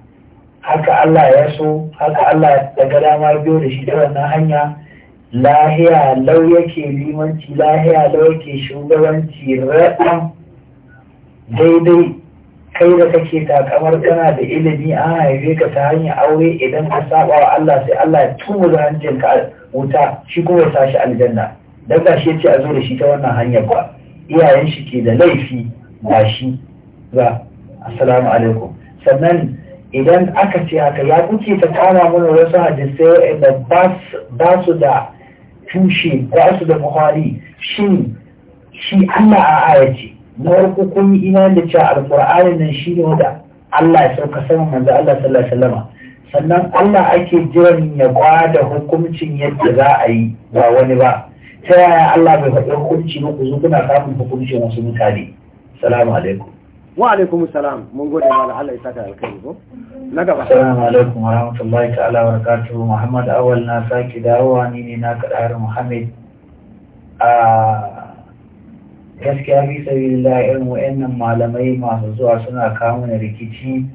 haka Allah ya so haka Allah daga dama biyo da shi da wannan hanya lahiya lau yake limanci lahiya lau yake shugabanci raɗan daidai kai da kake takamar kana da ilimi an haife ka ta hanyar aure idan ka saba wa Allah sai Allah ya tumu da hancinka wuta shi kuma ya sashi aljanna dan ba shi yace a zo da shi ta wannan hanyar ba iyayen shi ke da laifi ba shi ba assalamu alaikum sannan idan aka ce haka ya kuke ta kama mana wasu hadisai wa'anda ba su da tushe ba su da buhari shin shi Allah a ayace na farko kun yi imani da cewa alƙur'ani nan shi ne wanda Allah ya sauka saman manzo Allah sallallahu alaihi sannan Allah ake jiran ya kwada da hukuncin yadda za a yi ba wani ba ta yaya Allah bai faɗi hukunci ba ku zo kuna samun hukuncin wasu mutane salamu alaikum wa alaikum salam mun gode ma Allah ya saka alkhairi ko na gaba assalamu alaikum wa rahmatullahi ta'ala wa barakatuhu Muhammad Awal na saki dawowa ni ne na kadar Muhammad a gaskiya bi sabilillah irin nan malamai masu zuwa suna kawo rikici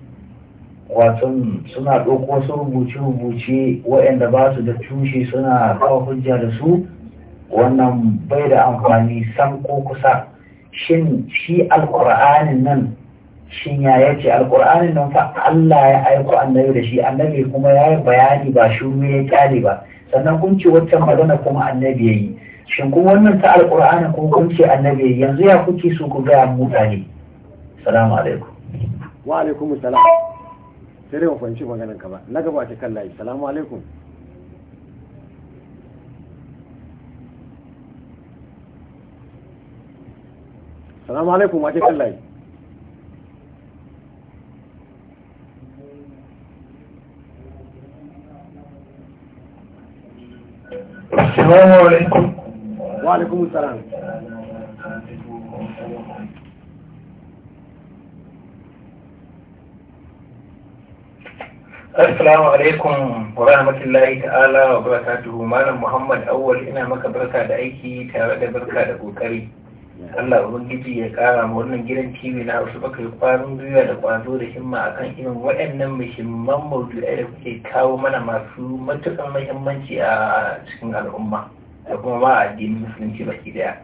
watan suna ɗauko su rubuce-rubuce waɗanda ba su da tushe suna kawo hujja da su wannan bai da amfani sam ko kusa shin shi alƙur'anin nan shin ya yace alƙur'anin nan fa Allah ya aiko annabi da shi annabi kuma ya yi bayani ba shuru ya kyale ba sannan kun ce waccan magana kuma annabi ya yi shin kuma wannan ta alƙur'anin kuma kun ce annabi yanzu ya kuke so ku gaya mutane salamu alaikum wa alaikum salam sai dai mafanci maganin ka ba na gaba a kan layi salamu alaikum salamu alaikum wace kan layi salamu alaikum wa alaikum salam Assalamu alaikum wa rahmatullahi ta'ala wa barakatuhu Malam Muhammad Awwal ina maka barka da aiki tare da barka da kokari. Allah Ubangiji ya kara mu wannan gidan TV na wasu baka kwarin gwiwa da kwazo da himma akan irin waɗannan muhimman maudu'ai da kuke kawo mana masu matuƙar muhimmanci a cikin al'umma da kuma ma addinin musulunci baki daya.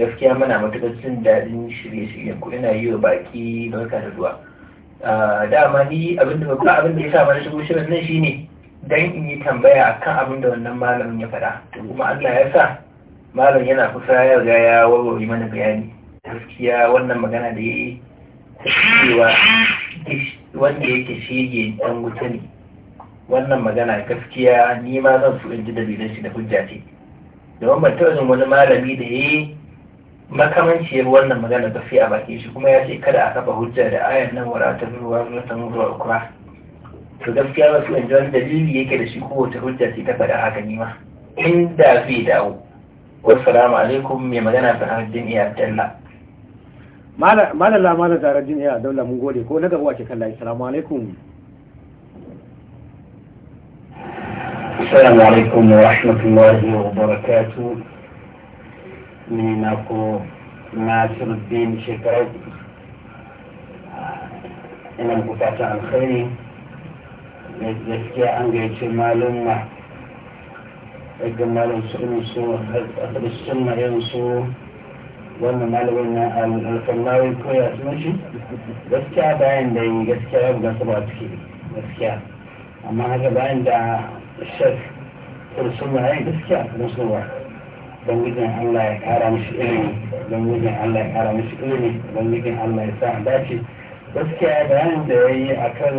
Gaskiya muna matuƙar jin daɗin shirye-shiryen ku ina yi wa baki barka da zuwa. dama ni abinda babba abinda ya sa mana shigo shirin nan shine dan in yi tambaya kan abinda da wannan malamin ya faɗa to kuma Allah ya sa malam yana kusa ya riga ya warware mana bayani gaskiya wannan magana da yayi cewa wanda yake shege dan wuta ne wannan magana gaskiya ni ma zan so in ji dalilan shi da hujja ce domin ban taɓa wani malami da yayi ya wannan magana ba sai a baki shi kuma ya ce kada a kafa hujja da ayar nan wara ta zuwa zuwa ta zuwa ukra to gaskiya ba su yanzu wani dalili yake da shi kowace hujja ce ta faɗa haka ni ma inda zai dawo wassalamu alaikum mai magana ta sanaruddin iya dalla malala malar sanaruddin iya dalla mun gode ko na gaba ke kalla assalamu alaikum السلام عليكم ورحمة الله وبركاته ne na ko nasiruddin shekarar ah, ina bukata alkhairi da gaskiya an gaice malumma daga malum sun su asali sunna yin so wannan malamin na alfallawi ko ya suna shi gaskiya bayan da yi gaskiya ya buga ba ciki gaskiya amma haka bayan da shek sun sunna yin gaskiya kuma ba. don mijin Allah ya kara mishi ilimi don mijin Allah ya kara mishi ilimi don mijin Allah ya sa dace gaskiya bayanin da ya yi a kan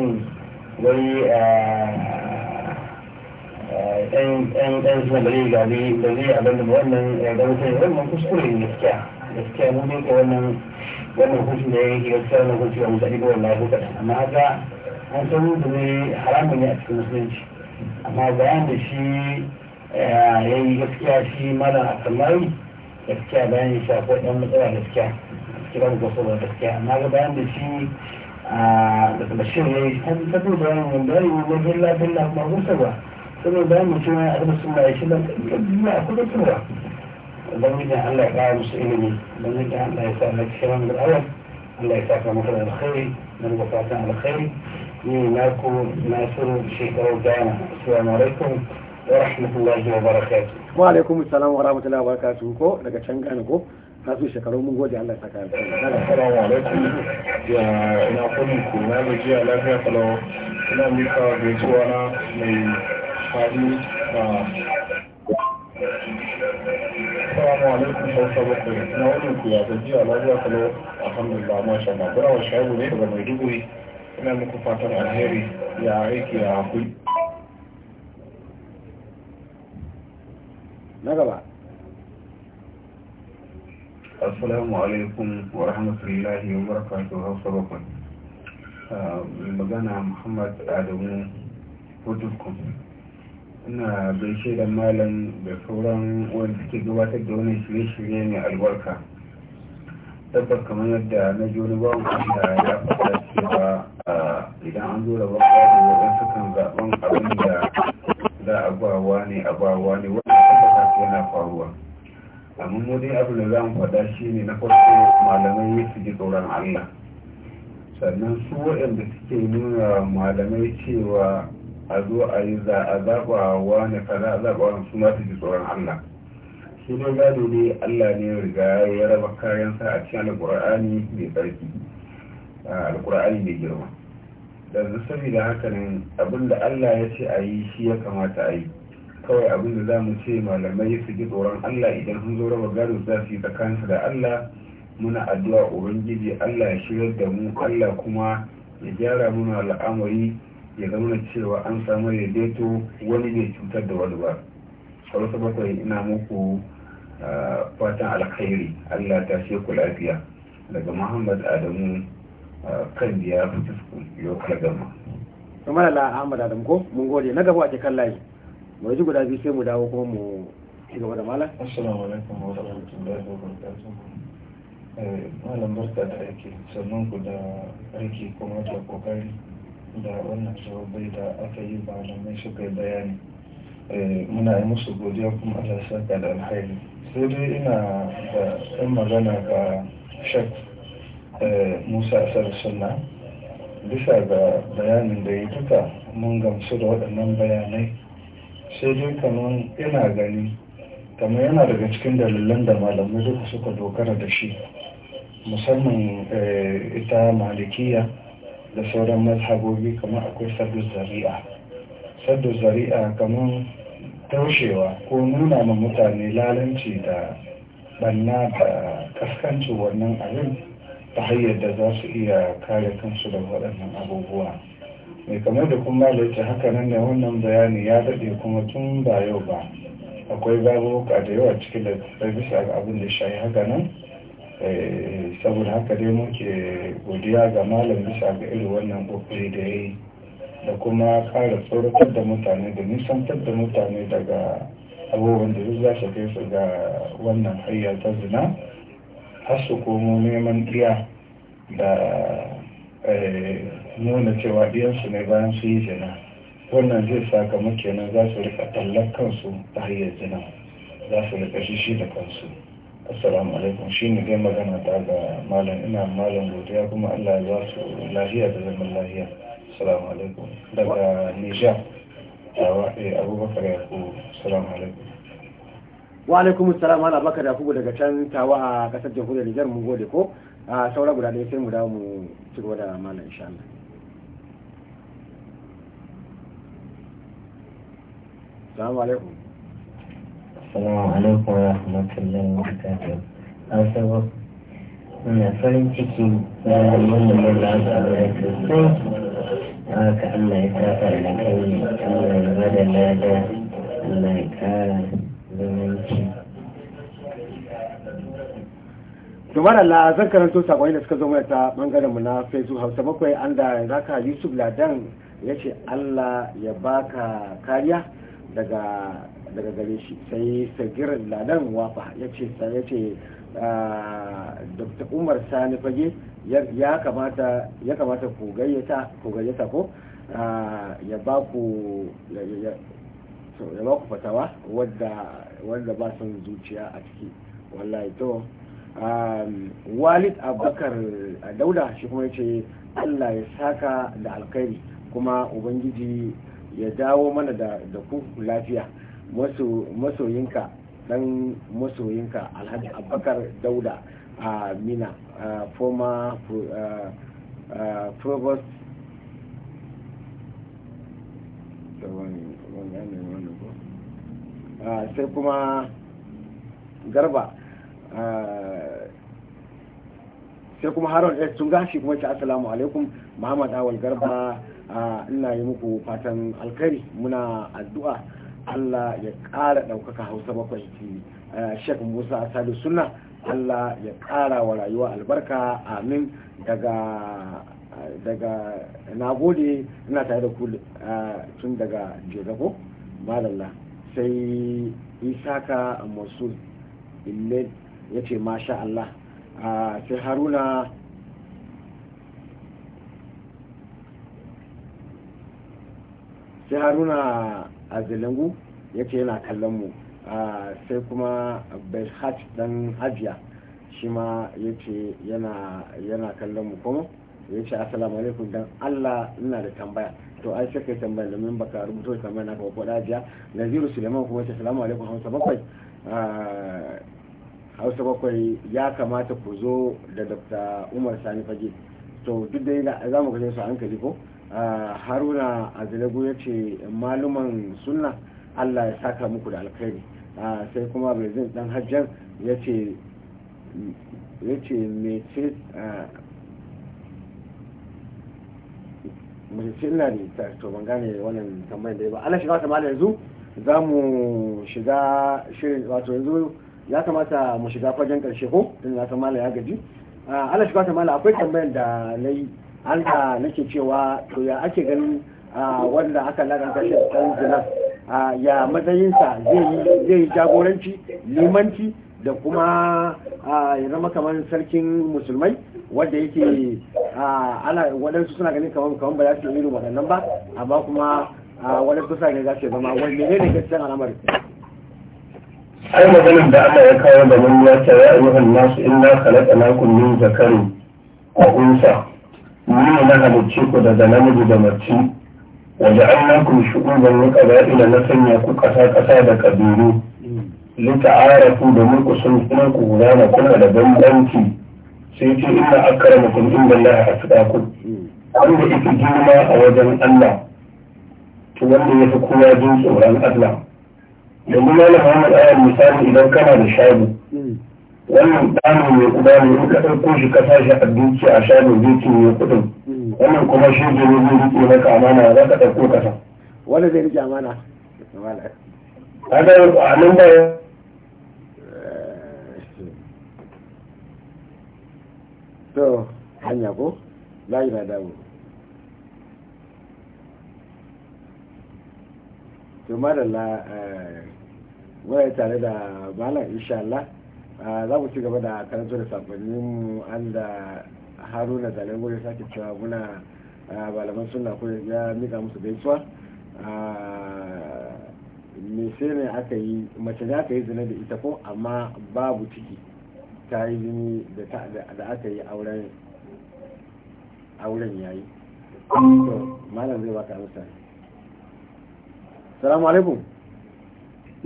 wani eh, eh, ɗan ɗan suna bari ga da zai abin da wannan ya gano sai wannan kuskure ne gaskiya gaskiya mun yi ka wannan wannan hutun da ya yi gaskiya wannan hutun wani zaɗi ba wallahi ko amma haka an san hutun ne haramun ne a cikin musulunci amma bayan da shi ya yi gaskiya shi malam akallari gaskiya bayan ya shafi ɗan matsala gaskiya gaskiya ba so ba gaskiya amma ga bayan da shi da bashir ya yi kan tabi bayan yin bayan yin wajen lafiyar na kuma rusa ba saboda bayan mutum ya arba sun ba ya shi lan kaɗi biyu a kuɗin tura ubangijin allah ya ƙara musu ilimi ubangijin allah ya sa na cikin wani awal allah ya sa ka maka da alkhairi nan ga fatan alkhairi ni na ku nasiru shekarar gana assalamu alaikum ورحمة الله وبركاته وعليكم السلام ورحمة الله وبركاته كو لك شنغان كو nasu shekaru mun gode Allah ta kare assalamu alaikum ya ina kudin ku na gaji a lafiya kalau ina mika gaisuwa na mai fadi a ah. assalamu alaikum hausa bakwai ina kudin ku ya masha Allah ne daga ina muku fatan alheri ya aiki ya hakuri na gaba assalamu alaikum wa rahmatullahi wa barakatuhu ah, magana muhammad adamu hudukun ina gaishe da malam da sauran wani suke gabatar da wani shirye-shirye mai albarka tabbas kamar yadda na joni ba bawan da ya faɗa cewa ah, idan an zo da bawa waɗansu kan zaɓen abin da za a ba wa ne a ba wa ne yana faruwa amma mu dai abin da za mu faɗa shi ne na farko malamai ya su ji tsoron allah sannan su waɗanda suke nuna malamai cewa a zo a yi za a zaɓa wa ne kaza a zaɓa su za su ji tsoron allah shi ne gado ne allah ne riga ya raba kayansa a cikin alƙur'ani mai tsarki alƙur'ani mai girma da saboda haka ne abin allah ya ce a yi shi ya kamata a yi kawai abin da za mu ce malamai su ji tsoron allah idan sun zo raba gado za su yi tsakaninsu da allah muna addu'a ubangiji allah ya shirar da mu allah kuma ya gyara muna al'amari ya zama cewa an samu daidaito wani bai cutar da wani ba sauransu bakwai ina muku fatan alkhairi allah ta ku lafiya daga muhammad adamu kan biya fitisku yau kalgama. Kamar Allah Ahmad Adam ko mun gode na gaba a kan layi. mai ji guda biyu sai mu dawo kuma mu ci gaba da malam assalamu alaikum wa rahmatullahi wa barakatuh eh, malam barka da aiki sannan ku da aiki kuma da kokari da wannan jawabai da aka yi malamai suka yi bayani eh, muna yi musu godiya kuma Allah saka da alhaili sai dai ina da ɗan magana ga shek eh, musa asar sunna bisa ga bayanin da ya duka mun gamsu da waɗannan bayanai sai dai kamar ina gani kamar yana daga cikin dalilan da malamai duka suka dogara da shi musamman eh, ita malikiya da sauran mazhabobi kamar akwai saddu zari'a saddu zari'a kamar taushewa ko nuna ma mutane lalanci da banna da kaskancin wannan abin ta hanyar da za su iya kare kansu da waɗannan abubuwa mai eh, kamar da kuma da haka nan da wannan bayani ya daɗe kuma tun ba yau ba akwai babuka da yawa cikin da bisa abin da shayi haka nan eh, saboda haka dai muke godiya ga malam bisa ga irin wannan kokari da ya yi da kuma kara tsoratar da mutane da nisantar da mutane daga abubuwan da za su kai su ga wannan hanyar ta zina har su komo neman iya da eh, nuna cewa su ne bayan su yi zina wannan zai sakamako nan za su rika tallar kansu ta hanyar zina za su rika shi da kansu assalamu alaikum shi ne dai magana ta ga malam ina malam godiya kuma allah ya su lafiya da zaman lafiya assalamu alaikum daga nijar tawa a eh, abubakar yaku assalamu alaikum wa alaikum assalamu ala baka da kugu daga can tawa a kasar jamhuriyar nijar mu gode ko a saura guda ɗaya sai mu dawo mu ci gaba da malam insha Allah Assalamu alaikum. Assalamu alaikum wa rahmatullahi wa barakatuh. sabo muna farin ciki na wannan murna a rai sosai. Haka Allah ya saka da kai ne, Allah ya bada lada, Allah ya kara zumunci. tumar Allah zan karanto sakonni da suka zo mai ta ɓangaren mu na Facebook Hausa bakwai an da zaka Yusuf Ladan ce Allah ya baka kariya daga gare shi sai sagirin ladan wafa ya ce ya ce ah, dr umar sani fage ya kamata ku gayyata gayyata ko ah, ya ba ku fatawa wadda wadda ba son zuciya a ciki wallahi to um, walid abubakar dauda shi kuma ya ce allah ya saka da alkhairi kuma ubangiji ya dawo mana da ku lafiya masoyinka dan masoyinka alhaji abubakar dauda a mina former provost sai kuma garba sai kuma haron sun gashi kuma ce assalamu alaikum muhammad awal garba ina yi muku fatan alkari muna addu'a Allah ya ƙara ɗaukaka hausa bakwai ki eh, Sheikh Musa salisu Sunna Allah ya ƙara wa rayuwa albarka amin daga daga nagode ina tare da ku eh, tun daga Jodago malalla sai Isaka Masul Illel ya ce masha Allah ah, sai Haruna sai haruna a zelengu ya ce yana kallon mu sai kuma berhat dan hajiya shi ma ya ce yana kallon mu kuma ya ce assalamu alaikum dan allah ina da tambaya to ai sai kai tambaya domin baka rubuto tambaya na kuma faɗa jiya naziru suleiman kuma ce salamu alaikum hausa bakwai hausa bakwai ya kamata ku zo da dr umar sani fage to duk da za mu gaje su hankali ko haruna zilagu ya ce maluman sunna allah ya saka muku da alkhairi sai kuma bezin dan hajjan ya ce mace na ne to ban gane wannan tambayin da ba ala shiga wata mala yanzu za mu shiga shirin wato yanzu ya kamata mu shiga fagen karshe ko tun ya san mala ya gaji ala shiga wata mala akwai tambayin da na yi haka nake cewa to ya ake ganin wanda aka lalata shi a zina ya matsayinsa zai yi jagoranci limanci da kuma ya zama kamar sarkin musulmai wadda yake ana waɗansu suna ganin kamar kamar ba za su yi irin waɗannan ba amma kuma waɗansu suna ganin za su zama wani ne ne gaskiyar al'amari ai maganin da aka ya kawo da mun ya ce ya ayyuhan nasu inna khalaqnakum min zakarin wa unsa ni na halicce ku daga namiji da mace waje an na ku shu'uban ni ƙaba'ila na sanya ku ƙasa ƙasa da ƙabilu lita'arafu da ku sun kuma ku gudana kuna da bambanci sai ce ina akara mutum inda Allah a tuɗa ku wanda ita girma a wajen Allah to wanda ya fi kowa jin tsoron Allah yanzu malam Muhammad ayar misali idan kana da shago wannan tsarin mai kuɗa ne in ka ɗauko shi ka sashi a duki a shaɗin duki mai kuɗin wannan kuma shi ne ne duki na amana za ka ɗauko ka sa. wanda zai rike amana. Kaga a nan ba to hanya ko layi na dawo. to madalla eh, waya tare da bala insha Allah Ah, za mu ci gaba da karanto da mu an da haruna lagos ya sake cewa muna ah, malaman suna ko ya mika musu gaisuwa ah, me sai ne aka yi mace ne aka yi zina da ita ko amma babu ciki ta yi zini da aka yi auren auren yayi to malam zai baka amsa salamu alaikum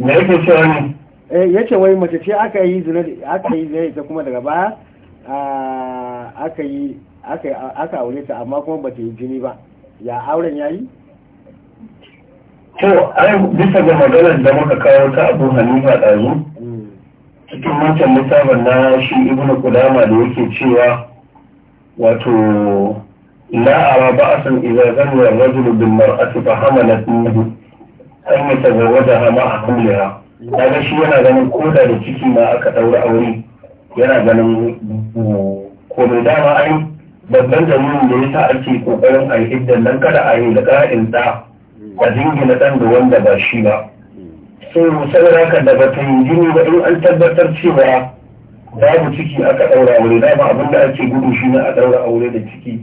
da yake cewa Eh, ya ce wai mace ce aka yi zina aka yi zina ita kuma daga baya aka yi aka aure ta amma kuma ba ta yi jini ba ya auren yayi to ai bisa ga maganar da muka kawo ta abu hanifa ɗazu hmm. cikin wancan littafin na shi ibn kudama da yake cewa wato لا أرى بأسا إذا زنى الرجل بالمرأة فحملت منه أن hama a حملها daga shi yana ganin ko da da ciki ma aka ɗaura aure yana ganin komai dama ai babban dalilin da yasa ake kokarin a yi nan kada a yi da in da a jingina ɗan da wanda ba shi ba sai saboda haka da ba ta yi jini ba in an tabbatar cewa babu ciki aka ɗaura aure dama abin da ake gudu shi ne a ɗaura aure da ciki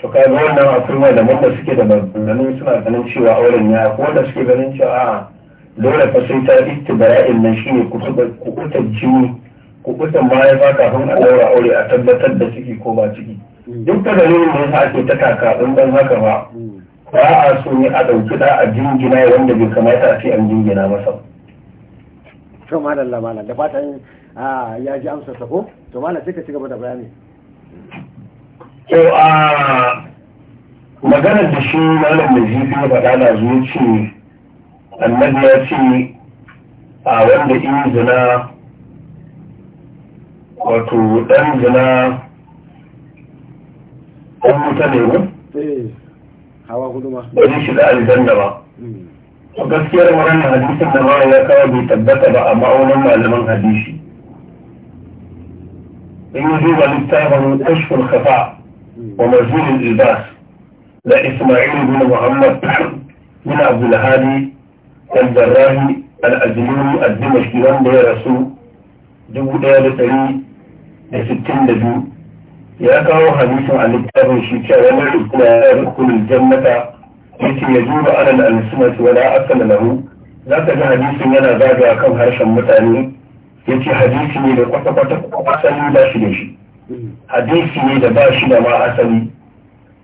to ka ga wannan akwai malaman da suke da maganganun suna ganin cewa auren ya ko da suke ganin cewa a'a dole fa sai ta istibara'in nan shine kubutar jini kubutar mahaifa kafin a daura aure a tabbatar da ciki ko ba ciki duk da ne mun yasa ake ta kaka in dan haka ba ba a so ne a dauki da a jingina wanda bai kamata a ce an jingina masa to malalla malalla da fatan ya ji amsa sako to malalla sai ka ci gaba da bayani to a maganar da shi malam da jibi ya faɗa na zuciya. annabi ya ce a wanda in zina wato dan zina an wuta ne mu? hawa hudu ma ba zai shiga aljanna ba to gaskiyar wannan hadisin da ma ya kawo bai tabbata ba a ma'aunin malaman hadisi in yi duba littafin kashful kafa wa mazulin ilbas da ismail bin muhammad bin abdulhadi الجراحي الأجلوري الدمشقي وانده رسول دبو ديال تري لستين دبو يا كاو حديث عن الكتاب شيكا ولا يدخل الجنة التي يجوب على الألسنة ولا أكل له ذاك الحديث ينا زاجا كم هرشا متاني yace hadisi ne da kwata-kwata asali ba shi da shi hadisi ne da ba shi da ma asali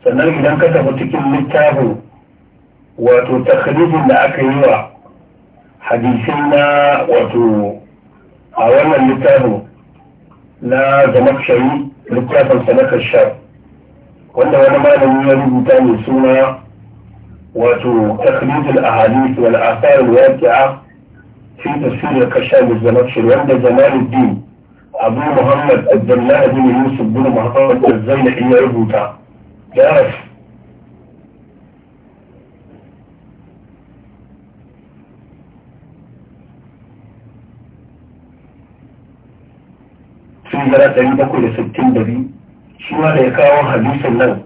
sannan idan ka tafi cikin littafin wato takhribin da aka yi wa hadisai na wato a wannan littafin na zamakshari littafin sanakar shar wanda wani malami ya rubuta mai suna wato takhrijul ahadith wal athar al waqi'a fi tafsir al kashaf al zamakshari wanda jamaluddin abu muhammad abdullah bin yusuf bin muhammad al zainah ya rubuta ya rasu hijira ɗari bakwai da sittin da biyu shi ma da ya kawo hadisin nan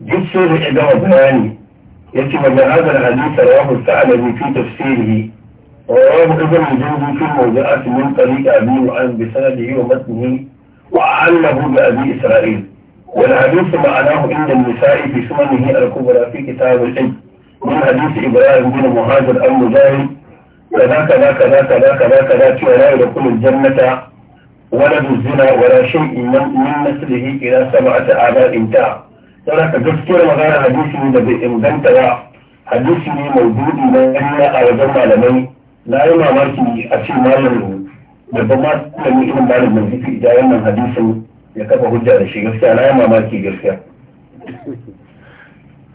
duk sai da ya gama bayani ya ce wannan hazar hadisa ya husta alabi fi tafsirihi ورواه ابن الجوزي في الموضوعات من طريق ابي وعن بسنده ومتنه وعله بابي اسرائيل والحديث معناه عند النساء في سننه الكبرى في كتاب العلم من حديث ابراهيم بن مهاجر المجاهد كذا كذا كذا كذا كذا كذا ولا يدخل الجنه ولد الزنا ولا شيء من مثله إلى سبعة آباء انتهى ولك تذكر مغانا حديثي من بإمدان ترى حديثي موجودي من أن أعظم علمي لا يما ماكي أشي مالن ببما لم يكن مالن من ذكر إذا يمن حديثي يكفى هجة لشيء غسكا لا يما ماكي غسكا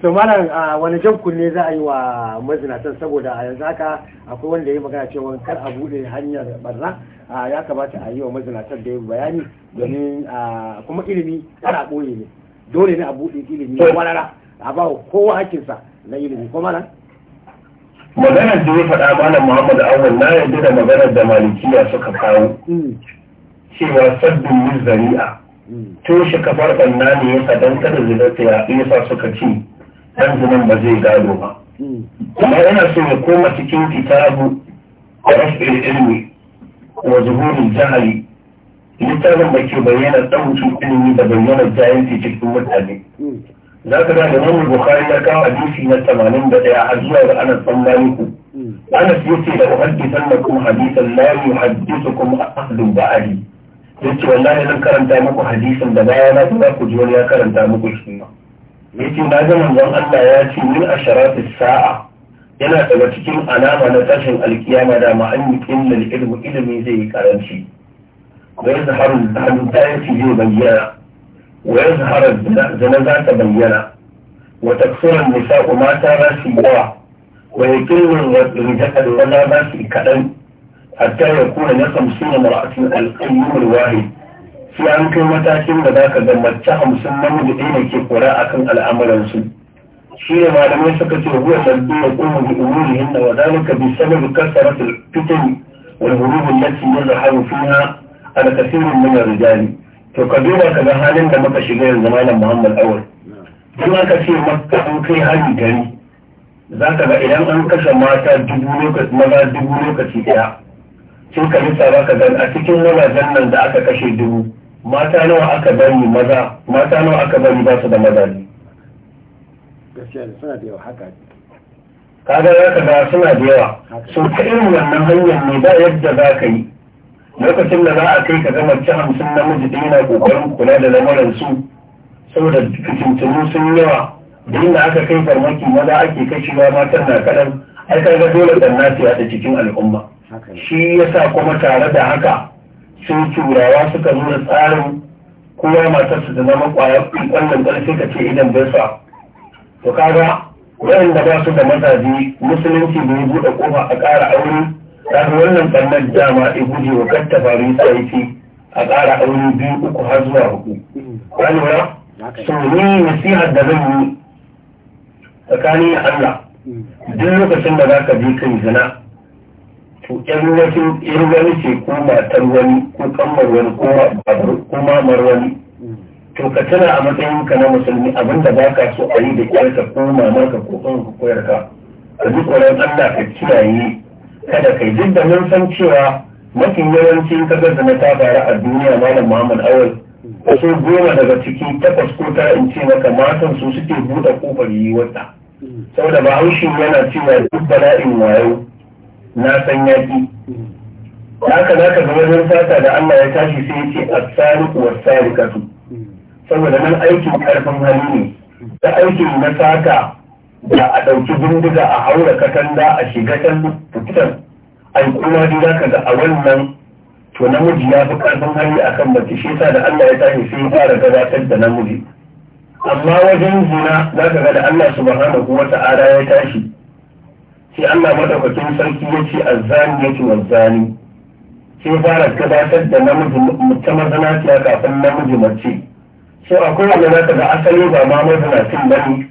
to a wani jan kunne za a yi wa mazinatan saboda a yanzu haka akwai wanda ya yi magana cewa kar a bude hanyar barna ya kamata a yi wa mazinatan da bayani domin kuma ilimi ana ɓoye ne dole ne a bude ilimi warara a ba kowa hakinsa na ilimi ko mana maganar da ya faɗa malam Muhammadu awon na yadda da maganar da malikiya suka kawo mm. cewa sabbin zari'a mm. tun shi kafar ɓanna ne ya sadanta da zinata ya sa suka ce dan zuban ba zai gado ba kuma hmm. yana so ya koma cikin kitabu da rafin ilmi wa zuhurin jahali littafin da ke bayyana ɗaukin ilimi da bayyana jahilci cikin mutane hmm. za ka ga wani bukari ya kawo hadisi na tamanin da ɗaya a zuwa ga anas ɗan maliku hmm. anas ce da uhaddisan lakum hadisan la a ahadun ba'adi yace wallahi zan karanta muku hadisin da baya na ku ji wani ya karanta muku shi yake bayan wannan Allah ya ce min asharat as sa'a yana daga cikin alama na tashin alkiyama da ma'anni illal ilmu ilmi zai karanci wa yazharu al zai bayyana wa yazharu zina za ta bayyana wa taksura nisa'u mata za su yawa wa yakillu rijal wala za su kadan hatta yakuna na 50 mar'atin al-qayyim al-wahid sai an kai matakin da za ka ga mace hamsin namiji ɗaya ne ke kora akan al'amuransu shi ne malamai suka ce huwa sabbi ya kuma bi umurihin da wadalika bi sababi kasaratul fitan wal hurubin lati yazharu fiha ala kathirin min rijali to ka duba ka ga halin da muka shiga yanzu malam Muhammad Awal kuma ce makka an kai hari gari za ka ga idan an kashe mata dubu lokaci maza dubu lokaci ɗaya sai ka ba ka ga a cikin mazajen nan da aka kashe dubu mata nawa aka bari maza mata nawa aka bari ba su da maza ne gaskiya suna da yawa kaga za ka ga suna da yawa so ta irin wannan hanyar ne ba yadda za ka yi lokacin da za a kai ka gama ci hamsin namiji da yana kokarin kula da lamarin su saboda fitintunu sun yawa da inda aka kai farmaki maza ake kashewa matan na kaɗan ai kaga dole ɗan nasiya da cikin al'umma shi yasa kuma tare da haka sai turawa suka nuna tsarin kowa matarsa da zama kwayar kwallon ƙarfi ka ce idan bai sa to kaga waɗanda ba su da mazaje musulunci da ya buɗe ƙofa a ƙara aure ta wannan ɓannar dama ya guje wa katta faru sa a ƙara aure biyu uku har zuwa hudu ka lura so ni nasihar da zan yi tsakanin Allah duk lokacin da za ka je kan zina to ƴan wasu ce ko matar wani ko kammar wani ko ko mamar wani to ka tana a matsayin ka na musulmi abinda da baka so a yi da ƴarka ko mamar ka ko kan ka koyar ka a duk wani Allah ka kiyaye kada kai duk da mun san cewa mafi yawancin ka da na ta faru a duniya malam Muhammad Awal wasu goma daga ciki takwas ko ta in ce maka matan su suke buɗe kofar yi wata saboda haushin yana cewa duk bala'in wayo na san yaki haka za ka ga wajen sata da Allah ya tashi sai ce a tsari wa tsari kasu saboda nan aikin karfin hali ne ta aikin na sata da a ɗauki bindiga a haura katanda a shiga can fitan ai kuma dai za ka ga a wannan to namiji ya fi karfin hali akan mace shi da Allah ya tashi sai ya fara gabatar da namiji amma wajen zina za ka ga da Allah subhanahu wa ta'ala ya tashi sai Allah madaukakin sarki ya ce azzani ya ce wazzani sai fara gabatar da namiji ta mazanaciya kafin namiji mace so a kowane zaka da asali ba ma mazanacin ba ne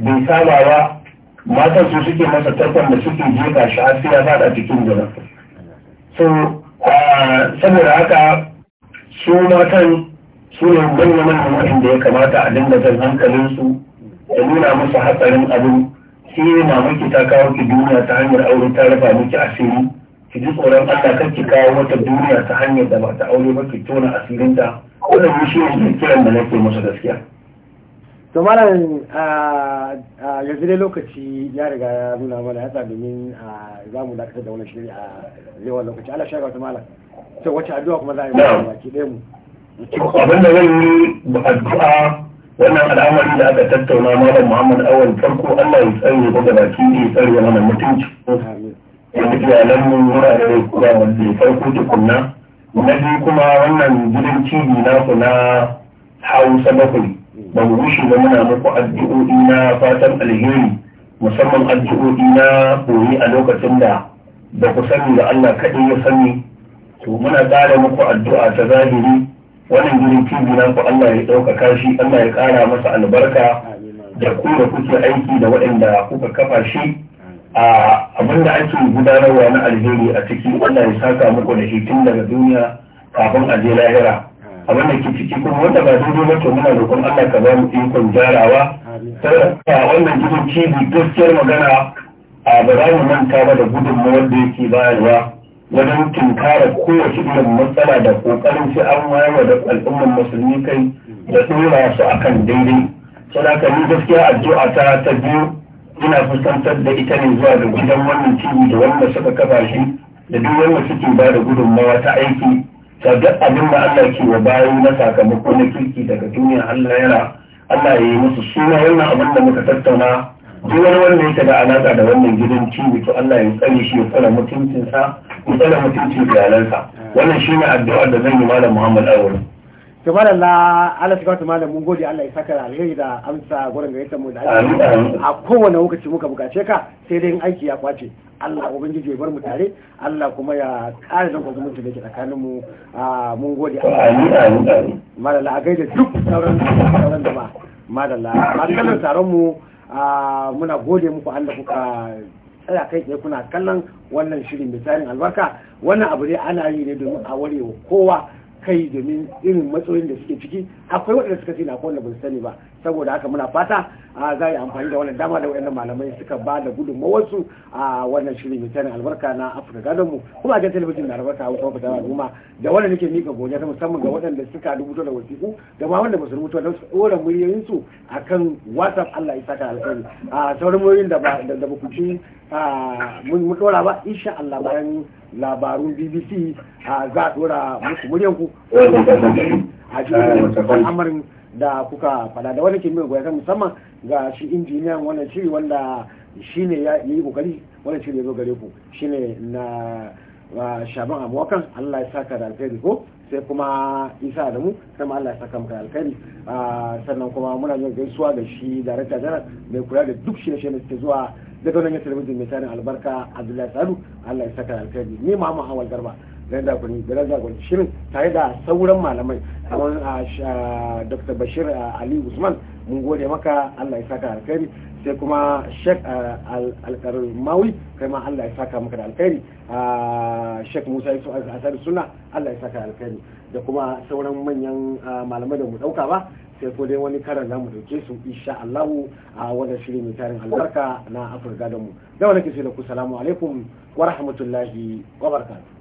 bai saba ba matan su suke masa tarkon da suke jefa shi har sai ya fada cikin jira so saboda haka su matan su ne manyan manyan da ya kamata a dinga jan hankalinsu da nuna musu hatsarin abin ma mamanki ta kawo ki duniya ta hanyar aure ta rufa miki asiri ki ji tsoron Allah kar ki kawo wata duniya ta hanyar da ba ta aure ba ki tona asirinta wannan shi ne kiran da nake masa gaskiya to malam yanzu dai lokaci ya riga ya nuna mana ya domin za mu dakatar da wani shiri a yawan lokaci Allah shaka wata malam to wacce addu'a kuma za a yi ba ki ɗaya mu abin da zan yi addu'a wannan al'amari da aka tattauna malam muhammad awal farko allah ya tsare ko da baki ya tsare mana mutunci ya duk yalan mu wurare kuma wanda ya farko tukunna na biyu kuma wannan gidan cibi ku na hausa bakwai Ban gushi ba muna muku addu'o'i na fatan alheri musamman addu'o'i na koyi a lokacin da ba ku sani da allah kaɗai ya sani to muna tsara muku addu'a ta zahiri wannan gurin cibi na ku Allah ya ɗaukaka shi Allah ya ƙara masa albarka da ku da kuke aiki da waɗanda kuka kafa shi a abin da ake gudanarwa na alheri a ciki Allah ya saka muku da hitin daga duniya kafin a je lahira abin da ke ciki kuma wanda ba daidai ba to muna roƙon Allah ka ba mu ikon jarawa a wannan gidan cibi gaskiyar magana a ba za mu manta ba da gudunmawar da yake bayarwa wajen tunkara kowace irin matsala da kokarin sai an wayarwa da al'ummar musulmi kai da tsora su akan daidai sadaka ni gaskiya addu'a ta ta biyu ina fuskantar da ita ne zuwa ga gidan wannan cibi da wanda suka kafa shi da duk wanda suke ba da gudunmawa ta aiki ta duk abin da Allah ke wa bayan na sakamako na kirki daga duniya Allah yana Allah ya yi musu suna wannan abin da muka tattauna duk wani wanda yake da alaka da wannan gidan cibi to Allah ya tsare shi ya tsare sa ya tsare mutuncin iyalansa wannan shine addu'ar da zan yi malam Muhammad Awul to malam Allah ya kawata malam mun gode Allah ya saka alheri da amsa gurin gaitar mu da a kowane lokaci muka bukace ka sai dai aiki ya kwace Allah ubangiji ya bar mu tare Allah kuma ya kare da gwamnati da tsakanin mu mun gode Allah malam a gaida duk sauran sauran da ba madalla a kallon taron mu muna gode muku Allah kuka tsaya kai tsaye kuna kallon wannan shirin misalin albarka wannan abu dai ana yi ne domin a warewa kowa kai domin irin matsayin da suke ciki akwai waɗanda suka sani ko wanda sani ba saboda haka muna fata a za yi amfani da wannan dama da waɗannan malamai suka ba da gudunmawarsu a wannan shirin mai albarka na afirka gadon mu kuma a jan talabijin na albarka a kuma fitawa al'umma da wanda nake mika godiya ta musamman ga waɗanda suka rubuta da wasiƙu da ma wanda ba su rubuto don su ɗora muryoyinsu akan whatsapp allah ya saka alkhairi a sauran muryoyin da ba ku ci mun dora ba insha Allah bayan labarun BBC za a dora eh, muku muryan ku a cikin eh, amarin da kuka fada da wani kimiyyar goya kan musamman ga shi injiniyan wannan shiri wanda shine ya yi kokari wannan shiri ya zo gare ku shine na shaban abuwakan Allah ya saka da alkhairi ko sai kuma isa da mu sai ma Allah ya saka maka alkhairi sannan kuma muna yin gaisuwa da shi darakta jara mai kula da duk shi shirye da suke zuwa daga nan ya talabijin mai tarin albarka abdullahi sadu allah ya saka alkhairi ni ma hawa garba zan da kuni da zan kuni shirin tare da sauran malamai kamar ah, ah, dr bashir ah, ali usman mun gode maka allah ya saka alkhairi sai kuma sheikh mawi kai ma allah ya saka maka da alkhairi shek musa yusuf asari suna allah ya saka alkhairi da kuma sauran manyan malamai da mu dauka ba sai ko dai wani karan zamu dauke su insha Allah a wannan shiri mai tarin albarka na Afirka da mu da wannan sai da ku salamu alaikum wa rahmatullahi wa barakatuh